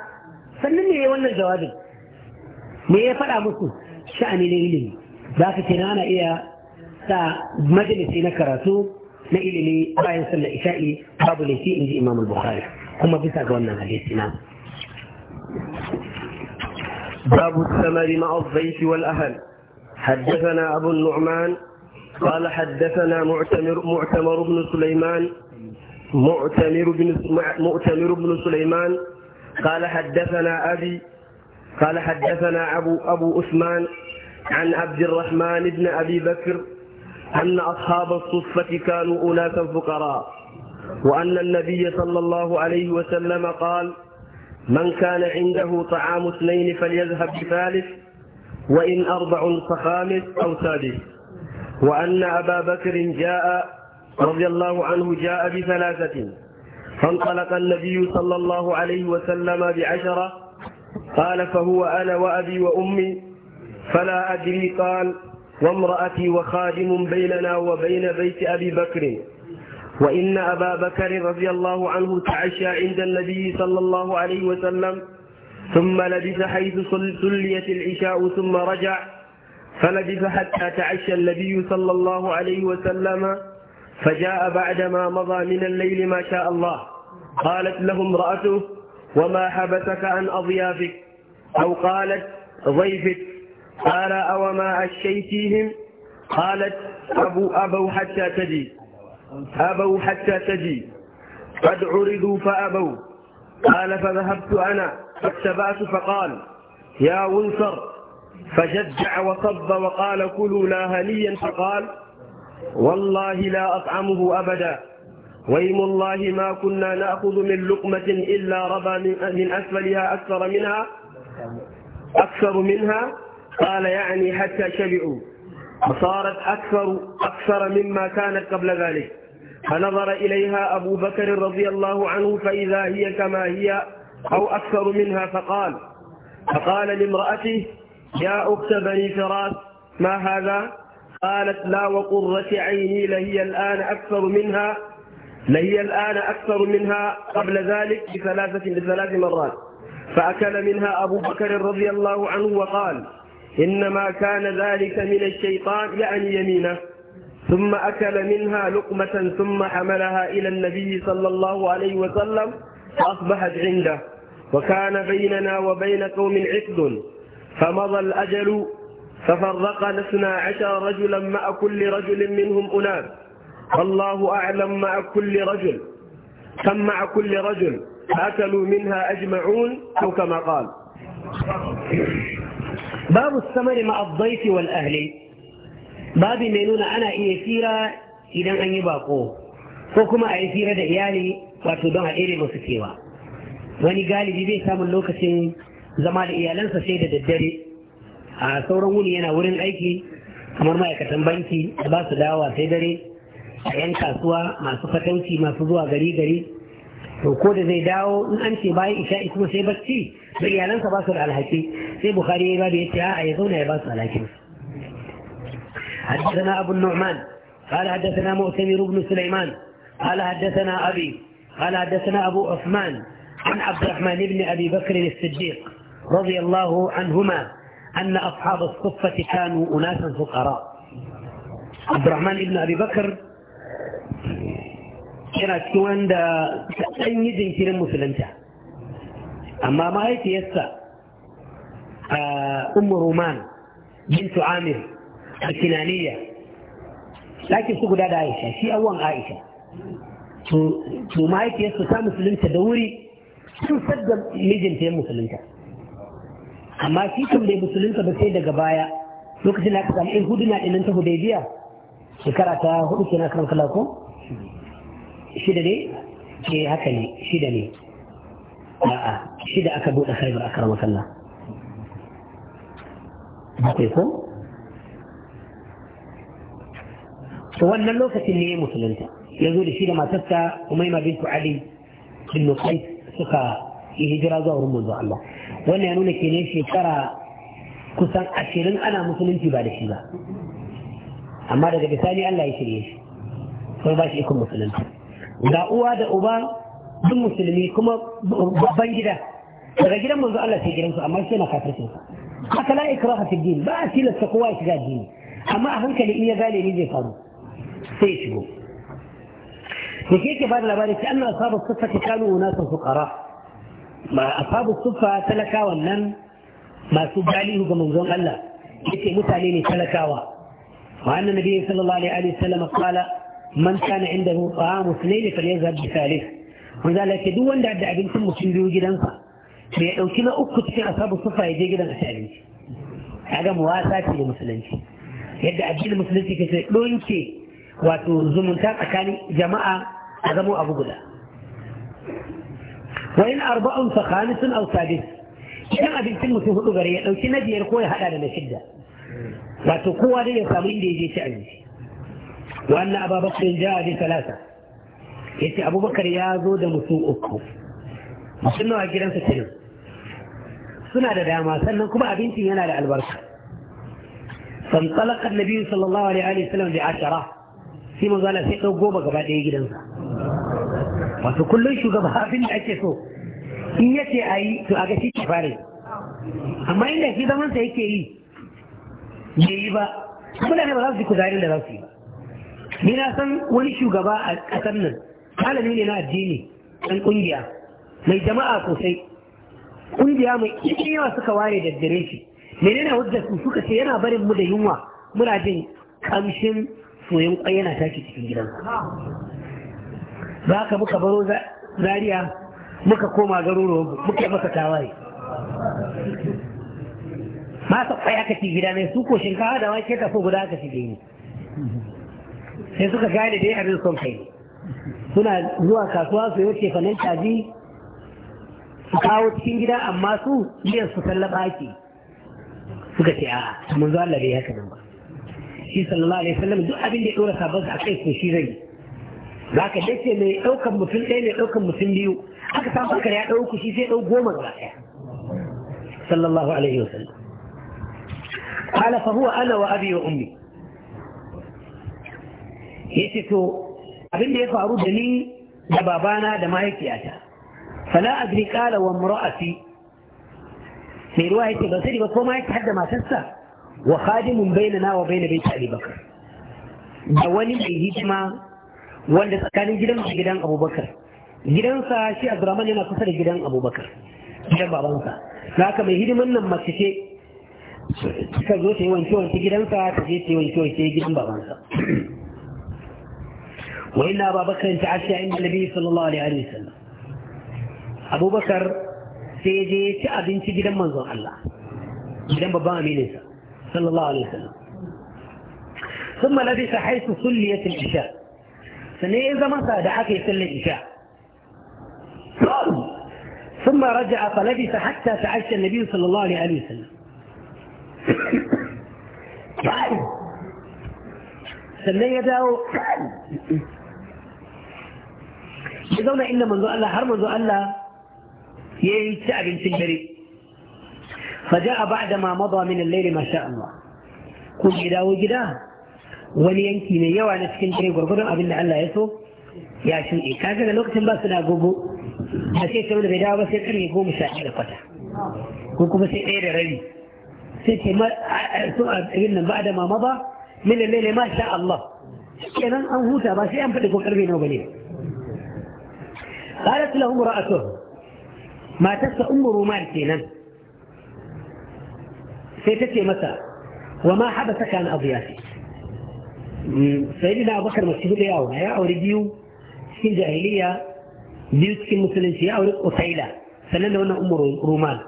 سلم لي ولا الجواب ليه فلا مسلم شأن ليلي ذاك تنانا إيا سا مجلس نكرتو ليلي لي بعد صلاة العشاء قبل شيء إمام البخاري هم بيسألون عن هذه السنة باب الثمر مع الضيف والأهل حدثنا أبو النعمان قال حدثنا معتمر, معتمر بن سليمان معتمر بن, معتمر بن سليمان قال حدثنا أبي قال حدثنا أبو, أبو عثمان عن عبد الرحمن بن أبي بكر أن أصحاب الصفة كانوا أناسا فقراء وأن النبي صلى الله عليه وسلم قال من كان عنده طعام اثنين فليذهب بثالث وإن أربع فخامس أو سادس وأن أبا بكر جاء رضي الله عنه جاء بثلاثة فانطلق النبي صلى الله عليه وسلم بعشرة قال فهو أنا وأبي وأمي فلا أدري قال وامرأتي وخادم بيننا وبين بيت أبي بكر وإن أبا بكر رضي الله عنه تعشى عند النبي صلى الله عليه وسلم ثم لبث حيث سليت العشاء ثم رجع فلبث حتى تعشى النبي صلى الله عليه وسلم فجاء بعدما مضى من الليل ما شاء الله قالت له امرأته وما حبسك عن أضيافك أو قالت ضيفك قال أوما أشيتيهم قالت أبو أبوا حتى تدي أبوا حتى تجي قد عرضوا فأبوا قال فذهبت أنا فاتبعت فقال يا ونصر فجدع وصب وقال كلوا لا هنيا فقال والله لا أطعمه أبدا ويم الله ما كنا نأخذ من لقمة إلا ربى من أسفلها أكثر منها أكثر منها قال يعني حتى شبعوا فصارت أكثر, أكثر مما كانت قبل ذلك فنظر إليها أبو بكر رضي الله عنه فإذا هي كما هي أو أكثر منها فقال فقال لامرأته يا أخت بني فراس ما هذا قالت لا وقرة عيني لهي الآن أكثر منها لهي الآن أكثر منها قبل ذلك بثلاثة لثلاث مرات فأكل منها أبو بكر رضي الله عنه وقال إنما كان ذلك من الشيطان يعني يمينه ثم أكل منها لقمة ثم حملها إلى النبي صلى الله عليه وسلم فأصبحت عنده وكان بيننا وبين قوم عقد فمضى الأجل ففرقنا اثنا عشر رجلا مع كل رجل منهم أناس والله أعلم مع كل رجل كم مع كل رجل أكلوا منها أجمعون أو كما قال babu samari ma'abbaiti wal ahli babu mai nuna ana iya fira idan an yi baƙo ko kuma a yi fira da iyali wato don a ɗere masu cewa wani galibi bai samun lokacin zama da iyalansa sai da daddare a sauran wuni yana wurin aiki kamar ma'aikatan banki da ba su dawa sai dare a 'yan kasuwa masu fatauci masu zuwa gari gari to ko da zai dawo in an ce bayan isha'i kuma sai bacci da iyalansa ba su da alhaki sai bukhari ya ba da yace a ya zauna ya ba su alhaki حدثنا أبو النعمان قال حدثنا مؤتمر بن سليمان قال حدثنا أبي قال حدثنا أبو عثمان عن عبد الرحمن بن أبي بكر الصديق رضي الله عنهما أن أصحاب الصفة كانوا أناسا فقراء عبد الرحمن بن أبي بكر yana cikin wanda ɗan yi jinkirin musulunta amma mahaifiyarsa a umar roman bintu amir a kinaniya ɗakin su guda da aisha shi awon aisha to mahaifiyarsa ta musulunta da wuri sun sadda mijinta ya musulunta amma shi kan bai musulunta ba sai daga baya lokacin da aka samu hudu huduna ɗinan ta biya, shekara ta hudu kenan kan kala ko shida ne ke eh, haka ne shida ne a'a shida aka buɗe khaibar a karamar sallah bakwai ko to wannan lokacin ne musulunta ya zo da shi da matarsa umaima bintu ali bin nusayt suka yi hijira zuwa wurin manzo Allah wannan ya nuna kenan shekara kusan ashirin ana musulunci ba da shi ba amma daga bisani Allah ya shirye shi sai ba shi ikon musulunci ga uwa da uba duk musulmi kuma babban gida daga gidan manzo Allah sai gidansu amma sai na kafircin haka la ikraha fi din ba a tilasta kowa ya shiga dini amma a hankali in ya gane ni zai faru sai ya shigo da ke ke bada labari sai Allah asabu suffa ta kanu unasan fuqara ba asabu suffa talakawan nan masu galihu ga manzon Allah yake mutane ne talakawa wa annabi sallallahu alaihi wasallam qala man kana inda mu ta'amu sunaini falyazhab bi thalith wanda Allah ke duk wanda da abincin mutum biyu gidansa bai dauki na uku cikin asabu sufa ya gidan a ci abinci kaga muwasa ce da musulunci yadda addinin musulunci ke sai ɗonke wato zumunta tsakanin jama'a a zama abu guda wa in arba'un fa khamisun aw sadis idan abincin mutum hudu gare ya dauki na biyar ko ya hada da na shidda wato kowa dai ya samu inda ya je ci abinci wa anna aba bakr jaa bi thalatha yace abubakar ya zo da mutum uku mutum nawa gidansa kenan suna da dama sannan kuma abincin yana da albarka فانطلق النبي صلى الله عليه وسلم بعشرة في مزالة في قوبة قبل أي جدا وتكل شو قبل هافين أكسو إن يتي أي تأكسي كفاري أما إن في زمن سيكي يجيبا أما لا نبغى في كذارين لا في ni na san wani shugaba a ƙasar nan malami ne na addini ɗan ƙungiya mai jama'a sosai ƙungiya mai ikin yawa suka ware da dare shi menene hujjar su suka ce yana barin mu da yunwa muna jin kamshin soyan kwai yana tashi cikin gidan za ka muka baro zariya muka koma garuruwan muka yi maka tawaye masa kwai aka ci gida ne su ko shinkawa da wake ka so guda aka ci gini sai suka gane dai abin son kai suna zuwa kasuwa su yi cefanen caji su kawo cikin gida amma su iya su sallaba ake suka ce a mun zuwa Allah haka nan ba shi sallallahu alaihi wasallam duk abin da ya dora sabon a kai ko shi zai za ka dace mai daukan mutum ɗaya mai daukan mutum biyu aka samu aka ya ɗauku shi sai ɗau goma ga ɗaya sallallahu alaihi wasallam قال فهو انا وابي وامي ya ce to abin da ya faru da ni da babana da mahaifiyata fala adri qala wa imra'ati sai ruwa yake ba sai ba ko ma yake hadda matarsa wa khadimun bainana wa bain baiti Abi Bakar da wani mai hikima wanda tsakanin gidan da gidan Abubakar gidansa shi Abdurrahman yana kusa da gidan Abubakar gidan babansa haka mai hidiman nan mace ce ta zo ta yi wanke wanke gidansa ta je ta yi wanke wanke gidan babansa وإن أبا بكر تعشى عند النبي صلى الله عليه وسلم أبو بكر شعب تأبين تجد منظر الله جدا بابا أمين صلى الله عليه وسلم ثم الذي حيث صليت العشاء سنة إذا ما دعك يسل العشاء ثم رجع فلبس حتى تعشى النبي صلى الله عليه وسلم sannan ya ya zauna inda manzo Allah har manzo Allah ya yi ci abincin dare Fa faja'a ba'da ma mada min al-layli ma sha Allah ko ya dawo gida wani yanki mai yawa na cikin dare gwargwadon abin da Allah ya so ya shuɗe kaga da lokacin ba su da agogo ce sai tabbata bai dawo ba sai karfe goma sha ɗaya da kwata ko kuma sai ɗaya da rabi sai ce so abin nan ba da mama ba min lalle ma sha Allah kenan an huta ba sai an faɗi ko karfe nawa ba ne. قالت له امرأته ما تسا أم رومان كينا سيتتي متى وما حبسك عن أضيافي سيدنا أبو بكر مسجد لي أو هيا أو رجيو في الجاهلية بيوت في المسلمين يا أولى قتيلة سنن وانا أم رومان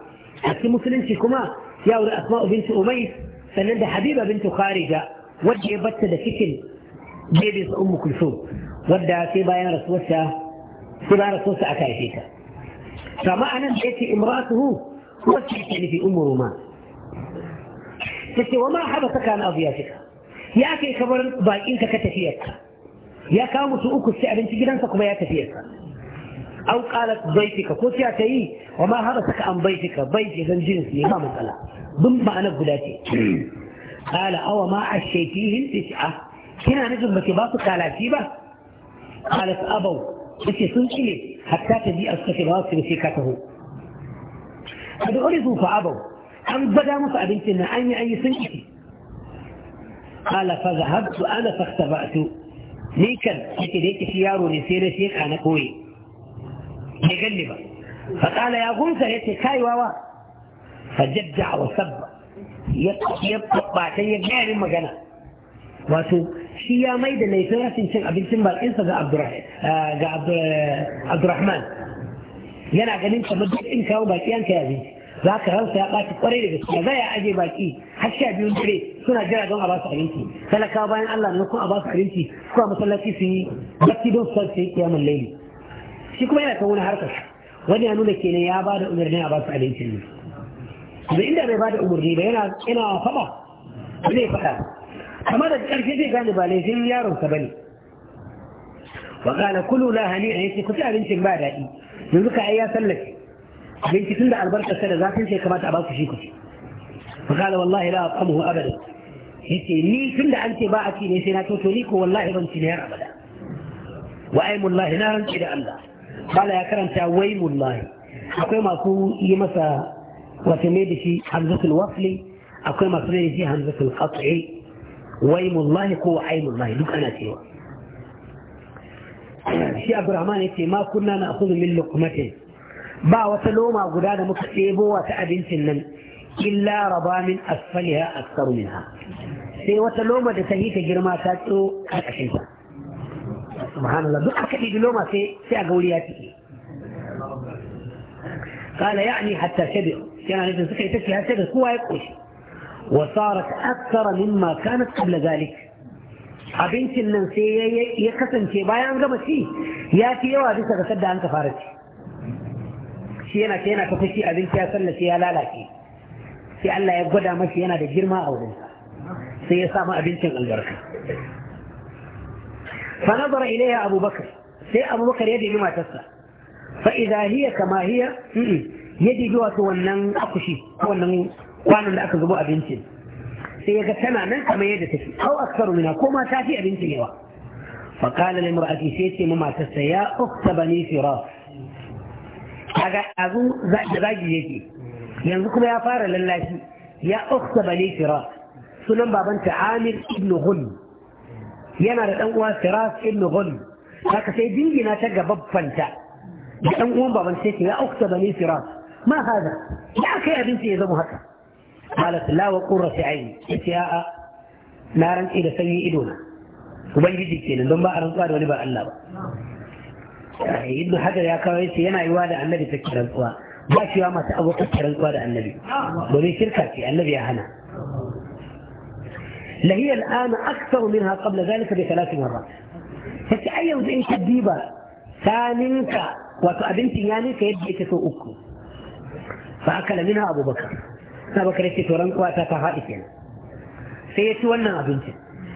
في المسلمين كما يا أولى أسماء بنت أميس سنن حبيبة بنت خارجة وجه بتة ده جيبس أم كلثوم في بيان رسول الله سوسة توسع فما أنا بيت امرأته يعني في أمور ما تسي وما حبسك عن أضيافك يا أكي كبر باقينك كتفيتك يا كامو سؤوك السعر انت جدا سكو بيا تفيك أو قالت بيتك قلت يا تي وما حبسك عن بيتك بيت إذن جنسي ما مسألة ضم معنى قلاتي قال أو ما عشيتيهن تسعة هنا نجم بكباطك على سيبة قالت أبو التي سجلت حتى تجيء الصفرات مسيكته قد عرضوا فابوا ام بدامت ابنتنا اين اي سنتي قال فذهبت انا فاختبات ليك ليك خيار لسير سير انا قوي يغلب فقال يا غنسة يتي كاي واوا فجدع وسب يبقى يبقى يبقى يبقى يعني يبقى wato shi ya mai da laifin rashin cin abincin bakinsa ga eh, eh, abdurrahman yana ganin kamar duk in kawo baki yanka ya abinci za ka ransa ya ɓaci kwarai da gaskiya za ya aje baki har sha biyun dare suna jira don a ba su abinci talakawa bayan Allah ne kuma a ba su abinci kuma masallaci su yi baki don su yi kiyamun laili shi kuma yana kan wani harkar wani ya nuna kenan ya ba da umarni a ba su abinci ne da inda bai ba da umarni ba yana yana faɗa zai faɗa كما ذكر في ذلك قالوا بالي في مليار وتبني وقال كلوا لا هنيئا يسي إيه كنت أبنتك بعد أي من ذلك أيها سلك بنتي تندع البركة سنة ذات انت كما تعباك شيكو فقال والله لا أطعمه أبدا يسي إيه لي تندع أنت باعتي يسي لا والله من سنير أبدا وأيم الله لا إلى الله قال يا كرم تأويم الله أقول ما أقول يمسى إيه وتميدشي حمزة الوصل أقول ما أقول يمسى حمزة القطعي وايم الله هو عين الله دوك انا تيوا شي عبد الرحمن تي ما كنا ناخذ من لقمته با وتلوما غدا ده مك ايبو وات ادينتن الا ربا من اسفلها اكثر منها سي وتلوما ده جرما ساتو كاكيسا سبحان الله دوك كدي لوما سي سي اغولياتي قال يعني حتى كبر يعني تسكي تسكي هكذا هو يكوشي وصارت أكثر مما كانت قبل ذلك abincin nan sai ya kasance bayan gama ci ya fi yawa bisa ga sadda an ka fara ci shi yana ta yana ta fushi abinci ya sallace ya lalace sai Allah ya gwada mashi yana da girma a wurinsa sai ya samu abincin albarka fa nazara ilayha abubakar sai abubakar ya dubi matarsa fa idha hiya kama hiya ya dubi wato wannan akushi wannan اخوانه اللي اخذوا بها بنتي هي تماما كما يدتك او اكثر منها كما تاتي بنتي هو فقال لامرأة سيتي مما تستيا اخت بني فراس هذا ابو زاجي يجي ينزكم يا فار لله يا اخت بني فراس سلم بابا انت عامر ابن غل ينا ردن قوى فراس ابن غل هكا سيدين جينا تجا باب فانتا يا اخت بني فراس ما هذا يا اخي يا بنتي يا زمو هكذا قالت لا وقرة عين إتياء نارا إلى سيء دونه وبين جديدين لما أرن قال ولبا الله يعني إذن حجر يا كويس أنا يوالي عن نبي تكتر القوى ما في وما تأبو تكتر القوى عن نبي ولي شركاتي عن نبي أهنا لهي الآن أكثر منها قبل ذلك بثلاث مرات فتأيو إنك شديبا ثانيك وتأبنتي يعني كيبئك سوءك فأكل منها أبو بكر na kare ce tauran kuwa ta ta haɗi kenan sai ya ci wannan abincin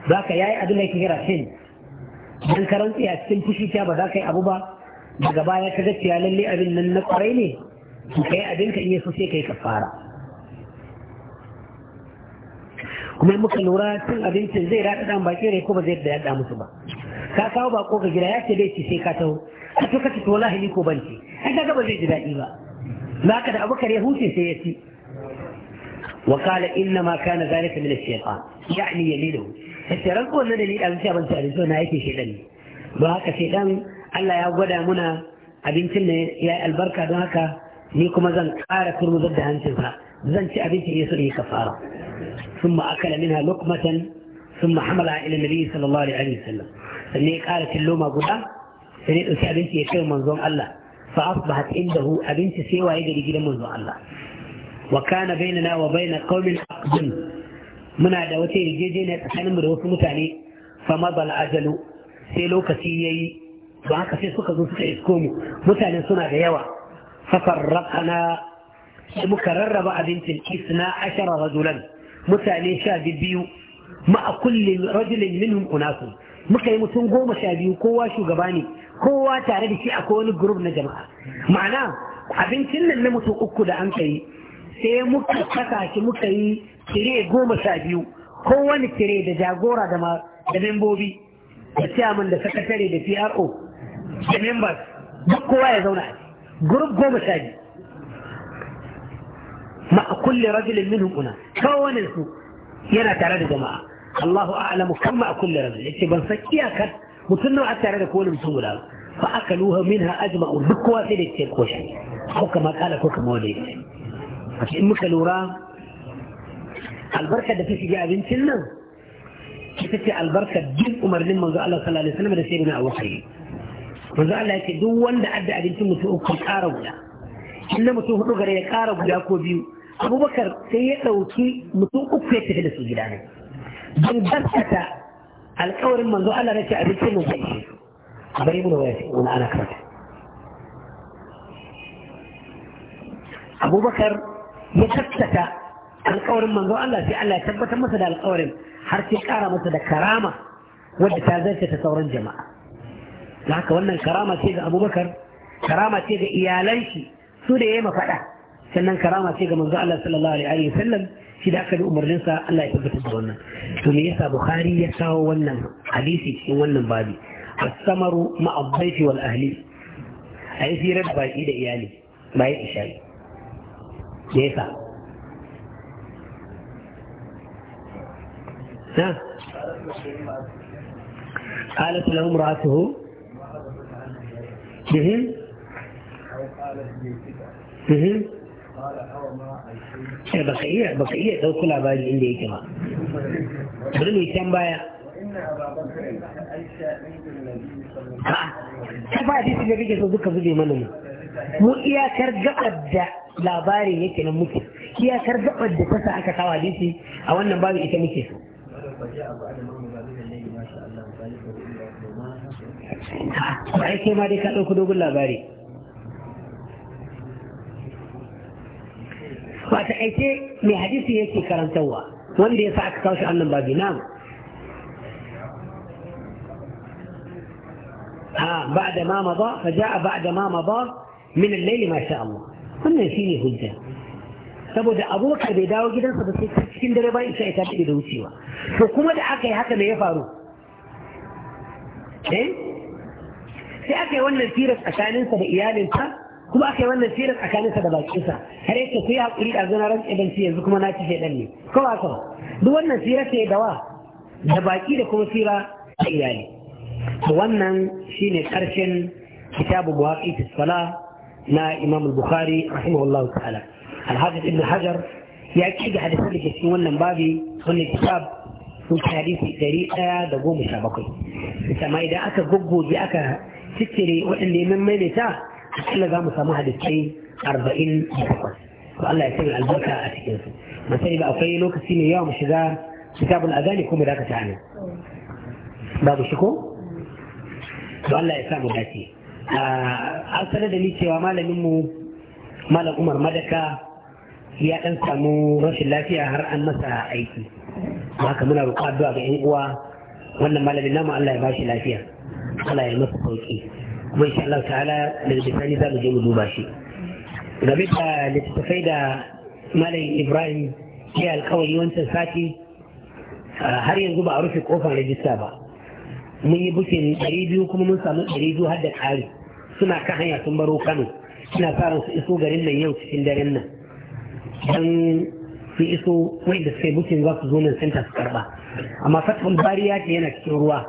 za ka yayi abin da yake kira sin dan ka rantsi a cikin fushi ta ba za ka yi abu ba daga baya ka ga cewa lalle abin nan na kwarai ne ka kai abin ka in yaso sai kai fara, kuma muka lura cin abincin zai rada dan baki rai ko ba zai da musu ba ka kawo bako ka gida ya ce dai ci sai ka taho ka to ka ci to wallahi ni ko ban ci ai ga ba zai ji daɗi ba zaka da abu kare huce sai ya ci وقال إنما كان ذلك من الشيطان يعني يليده الترنق أن دليل أبن شعب سألسونا يكي شيطان وهكا شيطان ألا يوجد منا أبن سنة يا البركة وهكا نيكم زن قارة كل مضد عن سنة زن أبن يسره كفارة ثم أكل منها لقمة ثم حملها إلى النبي صلى الله عليه وسلم فني قالت اللومة قلها سنة أبن يسير منظوم الله فأصبحت عنده أبن سيوى يجري جدا منظوم الله وكان بيننا وبين قوم عقد muna da wata yarjejeniya tsakaninmu da wasu mutane fama bal ajalu sai lokaci ya yi ba haka sai suka zo suka isko mu mutane suna da yawa fafarraƙana sai muka rarraba abincin isna ashara rajulan mutane sha biyu ma'a kullum rajulin minhum unasu muka yi mutum goma sha biyu kowa shugaba ne kowa tare da shi akwai wani gurub na jama'a ma'ana abincin nan na mutum uku da an kai sai muka saka shi muka yi tire goma sha biyu kowane tire da jagora da membobi da chairman da sakatare da PRO da members duk kowa ya zauna a grup goma sha biyu ma kulli rajulin min una kowane su yana tare da jama'a Allahu a'lamu kamma a kulli rajul yace ban san iyakar mutum nawa a tare da kowane mutum guda fa akaluha minha ajma'u duk kowa sai da yake koshi ko kama kala ko kama wanda yake a cikin muka lura albarkar da ta shiga abincin nan ita ce albarkar duk umarnin manzo Allah sallallahu alaihi wasallam da sai na wahayi manzo Allah yake duk wanda adda abincin mutum uku ƙara guda in na mutum hudu gare ya ƙara guda ko biyu abubakar sai ya ɗauki mutum uku ya tafi da su gida ne don gaskata alƙawarin manzo Allah na ce abincin mutum uku a bari mu da waya wani ana karanta abubakar ya tattata alƙawarin manzo Allah sai Allah ya tabbatar masa da alƙawarin har sai kara masa da karama wadda ta zarce ta sauran jama'a da haka wannan karama ce ga abubakar karama ce ga iyalan su da ya yi mafaɗa sannan karama ce ga manzo Allah sallallahu alaihi wa sallam shi da aka bi umarninsa Allah ya tabbatar da wannan to me yasa bukhari ya kawo wannan hadisi cikin wannan babi as-samaru ma'a wal ahli ayi firar baki da iyali bayan isha'i yasa na ƙalat su hu ɗihin ɗihin ba ka iya ɗauki labari inda yake ba bari mai can baya ba ba ba ba ba ba ba ba ba ba ba ba ba mu iyakar gabar da labarin yake nan muke iyakar gabar da ta sa aka kawo hadisi a wannan babu ita muke ba ai ke ma dai ka ɗauki dogon labari ba ta aike mai hadisi yake karantarwa wanda ya sa aka kawo shi annan babi na ba da ma ma ba. بعد ما min al-layli ma sha Allah wannan shine hujja saboda abubakar bai dawo gidansa ba sai cikin dare bayan isha ta tafi da wucewa to kuma da aka yi haka ne ya faru eh sai aka yi wannan firar tsakaninsa da iyalinsa kuma aka yi wannan firar tsakaninsa da bakinsa har yake sai hakuri da zana ran idan yanzu kuma na ci shedan ne kawai haka duk wannan firar ce da wa da baki da kuma fira da iyali wannan shine karshen kitabu buwaqi tisfala ما إمام البخاري رحمه الله تعالى الحديث ابن حجر يعني حديث لك في ولن بابي كتاب وفي حديث دريئة دقوم شابقي كما إذا أكا قبو دي أكا ستري وإن من ميلتا أكلا قام سماها دكي أربعين بسقس فالله يسمي البركة أتكين مثلا بقى في لوك السيني يوم شذا كتاب الأذان يكون ذاك تعالى باب الشكو فالله يسامو داتي an sanar da ni cewa malaminmu malam umar madaka ya dan samu rashin lafiya har an masa aiki haka muna roƙo addu'a ga yan uwa wannan malamin namu Allah ya ba shi lafiya Allah ya masa sauki kuma insha Allah ta'ala da bisani za mu je mu duba shi game da littattafai da malam Ibrahim ya alƙawari wancan sati har yanzu ba a rufe kofar rajista ba mun yi ne ɗari biyu kuma mun samu ɗari biyu har da ƙari suna kan hanya sun baro kano suna fara su iso garin nan yau cikin daren nan don su iso wanda suka yi bukin za su zo nan senta su karɓa amma fatan bari ya ce yana cikin ruwa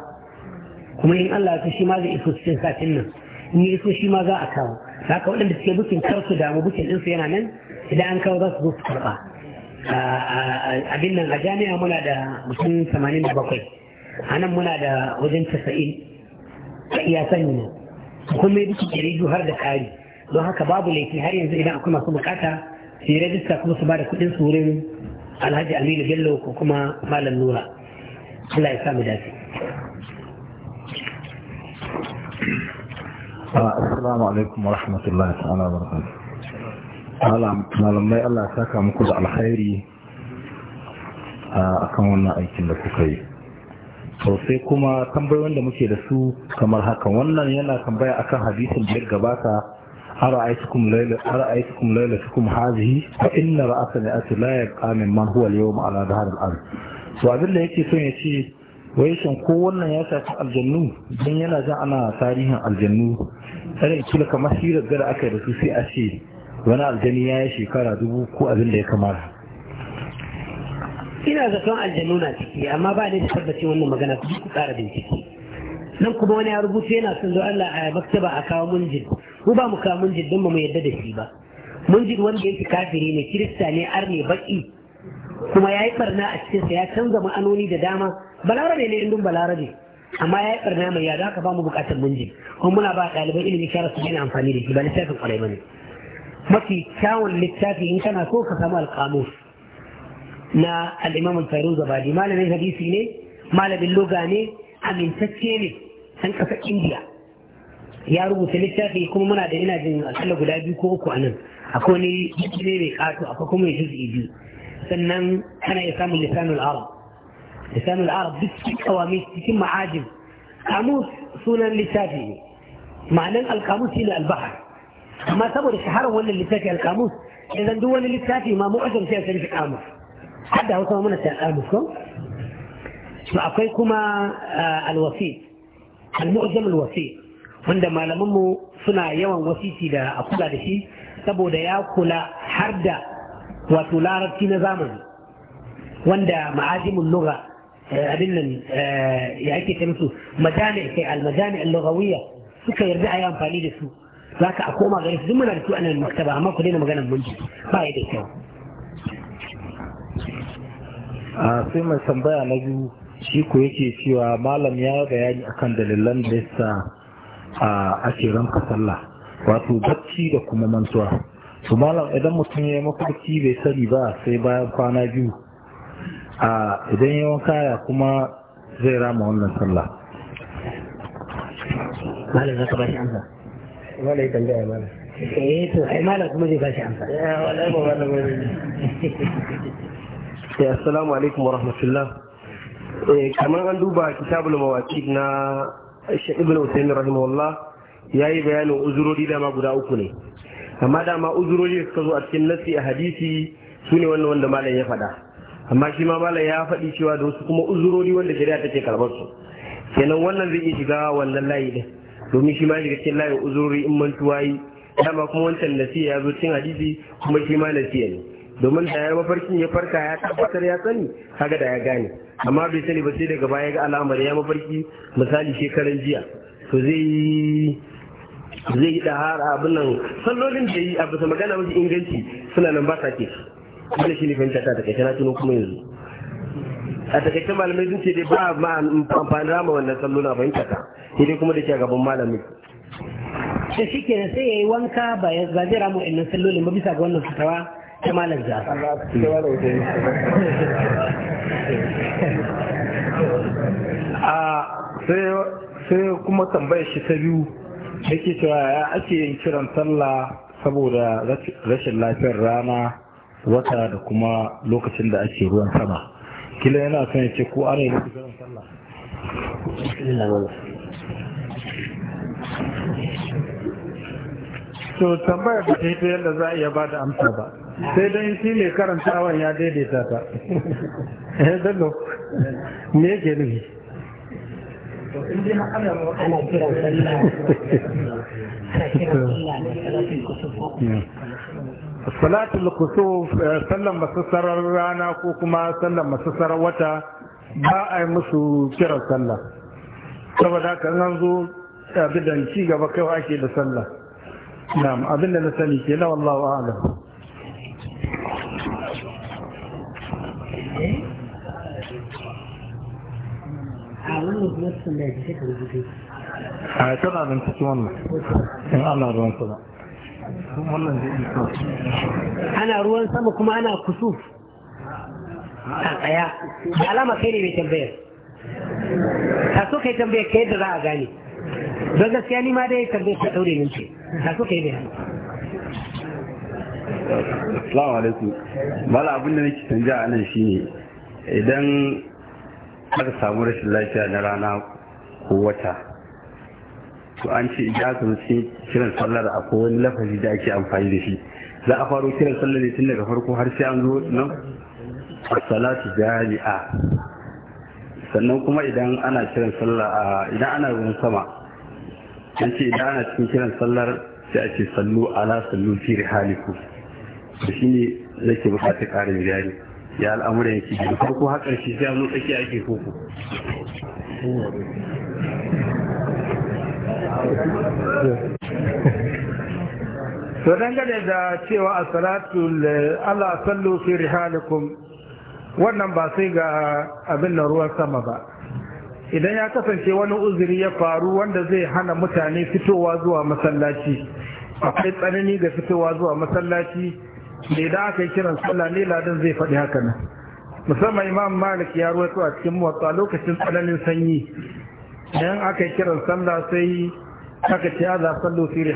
kuma in Allah ya shi ma zai iso cikin satin nan in ya iso shi ma za a kawo za ka waɗanda suke bukin kar su damu bukin ɗinsu yana nan idan an kawo za su zo su karɓa abin nan a jami'a muna da mutum 87 a nan muna da wajen tasa'in a iya sani kuma ya duka jaridu har da ƙari don haka babu laifi har yanzu idan akwai masu bukata su yi rajista kuma su ba da kuɗin su wurin alhaji aminu bello ko kuma malam nura allah ya samu dace assalamu alaikum wa rahmatullahi ta'ala wa barakatuh malamai allah ya saka muku da alkhairi akan wannan aikin da kuka yi to kuma tambayoyin da muke da su kamar haka wannan yana tambaya akan hadisin da ya gabata ara'aytukum layla ara'aytukum laylatukum hadhihi fa inna ra'asa ni'ati la yabqa mimman huwa al-yawma ala dhahr al-ard to abin da yake son ya ce wai shin ko wannan ya shafi aljannu dan yana jin ana tarihin aljannu sai kila kamar hirar da aka yi da su sai a ce wani aljani ya yi shekara dubu ko abin da ya kamara ina zaton aljanu na ciki amma ba ni da tabbacin wannan magana ku ku tsara bincike nan kuma wani ya rubuta yana son zo Allah a maktaba a kawo munjid ku ba mu kawo munjid don ba mu yadda da shi ba munjid wanda yake kafiri ne kirista ne ne baki kuma ya yi barna a cikin sa ya canza ma'anoni da dama balarabe ne indun balarabe amma ya yi barna mai yada aka ba mu bukatar munjid kuma muna ba ɗaliban ilimi shara su yana amfani da shi ba littafin kwarai ba ne mafi kyawun littafi in kana so ka samu alƙamus na al'imam al-fairuz abadi malamin hadisi ne malamin loga ne amintacce ne ɗan ƙasar indiya ya rubuta littafi kuma muna da ina jin akalla guda biyu ko uku a nan akwai ne ne mai ƙato akwai kuma ya juz'i biyu sannan ana ya samun lisanul arab lisanul arab duk cikin kawami cikin ma'ajin kamus sunan littafi ne ma'anan alkamus shine albahar amma saboda shaharar wannan littafi alkamus yanzu duk wani littafi ma mu'ajam sai a san shi kamus har da hausa ta ta'aruf to akwai kuma eh, alwasi almu'jam alwasi wanda malaman mu suna yawan wasisi da a kula da shi saboda ya kula har da wato larabci na zamani wanda ma'ajimin lugha eh, abin nan eh, ya ake ta musu majami kai almajami al-lughawiyya suka yarda a yi amfani da su zaka a koma garin su duk muna da su a nan maktaba amma ku daina maganan mun ba ya da kyau a sai mai tambaya na biyu shi ko yake cewa malam ya bayani akan dalilan da yasa a ake ranka sallah wato bacci da kuma mantuwa to malam idan mutum ya mafarki bai sani ba sai bayan kwana biyu a idan ya wanka ya kuma zai rama wannan sallah malam zaka ba shi amsa wala ya tambaya malam eh to ai malam kuma zai ba shi amsa eh wallahi Eh, assalamu alaikum wa rahmatullah eh, kamar an duba kitabul mawaki na ibn usaim rahimahullah ya yi bayanin uzurori dama guda uku ne amma dama uzurori da suka zo a cikin nasi a hadisi su ne wannan wanda malam ya faɗa amma shi ma malam ya faɗi cewa da wasu kuma uzurori wanda shari'a take karɓar su kenan wannan zai iya shiga wannan layi din domin shi ma shiga cikin layin uzurori in mantuwa yi dama kuma wancan nasiya ya zo cikin hadisi kuma shi ma nasiya ne domin da ya mafarkin ya farka ya tabbatar ya sani kaga da ya gane amma bai sani ba sai daga baya ga alamar ya mafarki misali shekaran jiya to zai yi zai da har abin nan sallolin da yi a bisa magana mafi inganci suna nan ba sa ke wanda shi ne fahimta ta takaice na tuno kuma yanzu a takaice malamai sun ce dai ba ma amfani rama wannan sallolin fahimta ta sai dai kuma da ke gaban malamin. da shi ke sai ya yi wanka ba zai ramu innan sallolin ba bisa ga wannan fitawa sai kuma tambayar shi ta biyu ke cewa ya ake yin kiran sallah saboda rashin lafiyar rana wata da kuma lokacin da ake ruwan sama kila yana son ya ce ko ana yi kiran sallah to tambayar da ta yi ta yadda za a iya ba da amsa ba sai dai shi ne karantawan ya daidaita ta ya eh, dallo me yake nufi salatul kusuf eh, sallan masassarar rana ko kuma sallan masassarar wata ba a yi musu kiran sallah saboda kan an zo abin da ci gaba kai ake da sallah na'am abin da na sani ke na a a'lam ana ruwan sama kuma ana kusuf a alama kai ne so kai gane don gaskiya ni ma dai tambayar daure nan ce ka so kai Assalamu alaikum. Mala abin da nake canja a nan shine idan aka samu rashin lafiya na rana ko wata to an ce idan aka ce kiran sallar akwai wani lafazi da ake amfani da shi za a faro kiran sallar ne tun daga farko har sai an zo nan salatu jami'a sannan kuma idan ana kiran sallar idan ana ruwan sama an ce idan ana cikin kiran sallar sai a ce sallu ala sallu fi rihaliku da shi ne nake bukata karin jari ya al'amuran yake da farko hakan shi sai an zo tsakiya ake koko to dangane da cewa a salatu Allah sallu fi rihalikum wannan ba sai ga abin na ruwan sama ba idan ya kasance wani uzuri ya faru wanda zai hana mutane fitowa zuwa masallaci akwai tsanani ga fitowa zuwa masallaci da idan aka yi kiran sallah ne ladin zai faɗi haka nan musamman imam malik ya ruwa a cikin motsa lokacin tsananin sanyi idan aka yi kiran sallah sai haka ce ya za sallu fi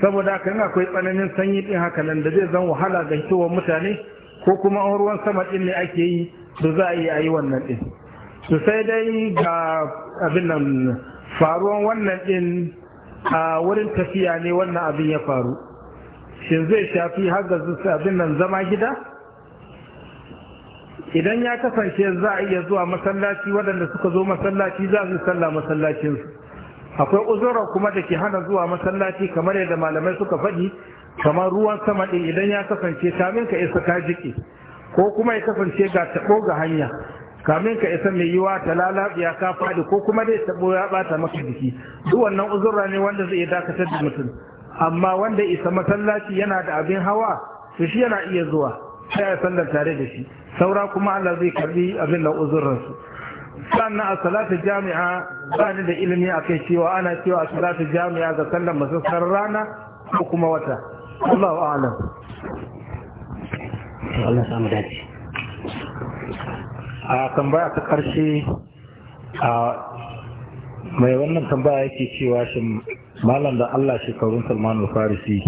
saboda haka yana akwai tsananin sanyi din haka nan da zai zan wahala ga hitowar mutane ko kuma an ruwan sama din ne ake yi da za a yi a yi wannan din to sai dai ga abin nan faruwan wannan din a wurin tafiya ne wannan abin ya faru shin zai shafi har da abin nan zama gida idan ya kasance za a iya zuwa masallaci waɗanda suka zo masallaci za su sallah masallacinsu akwai uzura kuma da ke hana zuwa masallaci kamar yadda malamai suka faɗi kamar ruwan sama ɗin idan ya kasance kamin ka isa ka jiƙe ko kuma ya kasance ga taɓo ga hanya kamin ka isa mai yiwa ta lalabiya ka faɗi ko kuma dai taɓo ya ɓata maka jiki duk wannan uzura ne wanda zai dakatar da mutum amma wanda isa masallaci yana da abin hawa to shi yana iya zuwa sai a sallar tare da shi saura kuma Allah zai karbi abin da su sannan a salatu jami'a ba ni da ilimi a kai cewa ana cewa a salatu jami'a ga sallar masassar rana ko kuma wata wa a'lam Allah samu dace a tambaya ta karshe a mai wannan tambaya yake cewa shi malam da Allah shekarun Salman al-Farisi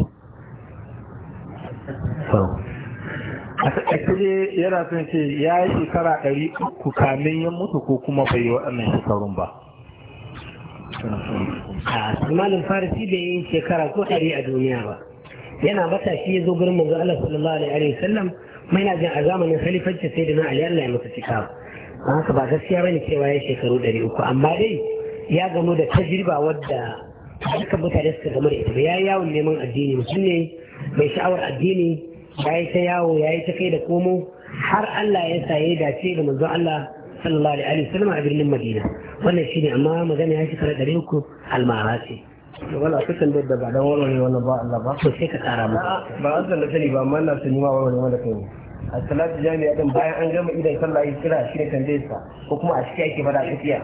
a yana son ce ya yi shekara ɗari uku kamin ya mutu ko kuma bai yi waɗannan shekarun ba Malam Farisi bai yi shekara ko ɗari a duniya ba yana matashi ya zo gurin manzo Allah sallallahu alaihi wa sallam mai na jin a zamanin khalifanci sai da na Ali Allah ya masa cika ba haka ba gaskiya ne cewa ya yi shekaru ɗari uku amma dai ya gano da tajriba wadda dukkan mutane suka gama da ita ba ya yawon neman addini mutum ne mai sha'awar addini ya yi ta yawo ya yi ta kai da komo har Allah ya sa ya dace da manzon Allah sallallahu alaihi wa sallam a birnin Madina wannan shine amma magana ya shi tare da rinku almara ce wala ta tambayar da ba dan warware wani ba Allah ba sai ka tsara mu ba an san sani ba amma Allah sun yi ma warware wanda kai a salatu jami'a din bayan an gama idan sallah yi kira shi ne tambayar sa ko kuma a ciki ake fada tafiya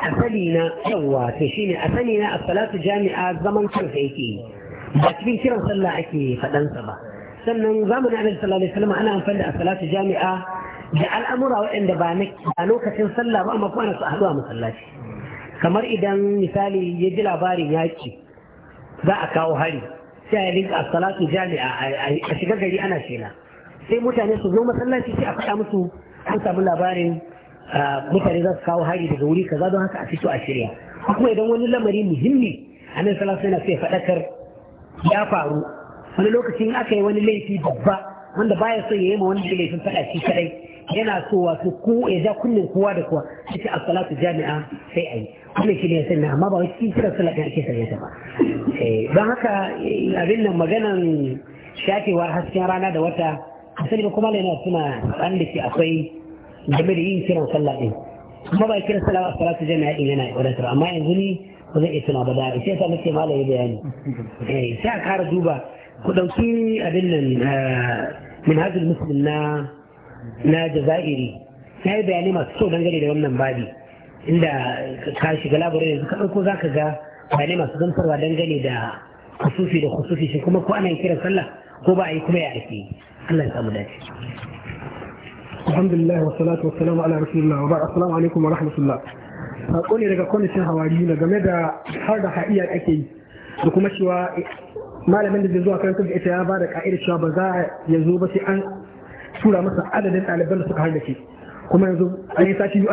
asali na yawa to shine asali na a salatu jami'a zaman kansa yake yi ba cikin kiran sallah ake faɗansa ba sannan zamanin annabi sallallahu alaihi wasallam ana amfani da asalatu jami'a da al'amura waɗanda ba na lokacin sallah ba amma kuma su haɗuwa masallaci kamar idan misali ya ji labarin yaki za a kawo hari sai a rinka asalatu jami'a a shiga gari ana shela sai mutane su zo masallaci sai a faɗa musu an samu labarin mutane za su kawo hari daga wuri kaza don haka a fito a shirya kuma idan wani lamari muhimmi annabi sallallahu alaihi wasallam sai faɗakar ya faru wani lokacin aka yi wani laifi babba wanda baya son ya yi ma wani laifin faɗa shi kadai yana so wato ku ya ja kunnen kowa da kowa shi ce asalatu jami'a sai ayi wannan shi ne ya amma ba wai cikin kiran da ake sanya ta ba eh, don haka eh, abin nan maganan shafewar hasken rana da wata asali ba kuma yana suna ɗan da ke akwai game da yin kiran sallah ɗin kuma ba kiran sallah salatu jami'a ɗin yana wadatar amma yanzu ni ba zai iya tuna ba da sai sa nake malaye bayani eh, sai a kara duba ku ɗauki abin nan eh, minhajul muslim na na jazairi na yi bayanai masu kyau dangane da wannan babi inda ka shiga labarai yanzu ko za ka ga bayanai masu gamsarwa dangane da kusufi da kusufi shi kuma ko ana yin kiran sallah ko ba a yi kuma ya ake Allah ya samu dace alhamdulillah wa salatu wa salamu ala rasulillah wa ba assalamu alaikum wa rahmatullah sako ne daga kwamishin hawari na game da har da haɗiya ake yi da kuma cewa malamin da zai zuwa kan da ita ya ba da ka'ida cewa ba za ya zo ba sai an tura masa adadin ɗaliban da suka har da ke kuma yanzu an yi sashi biyu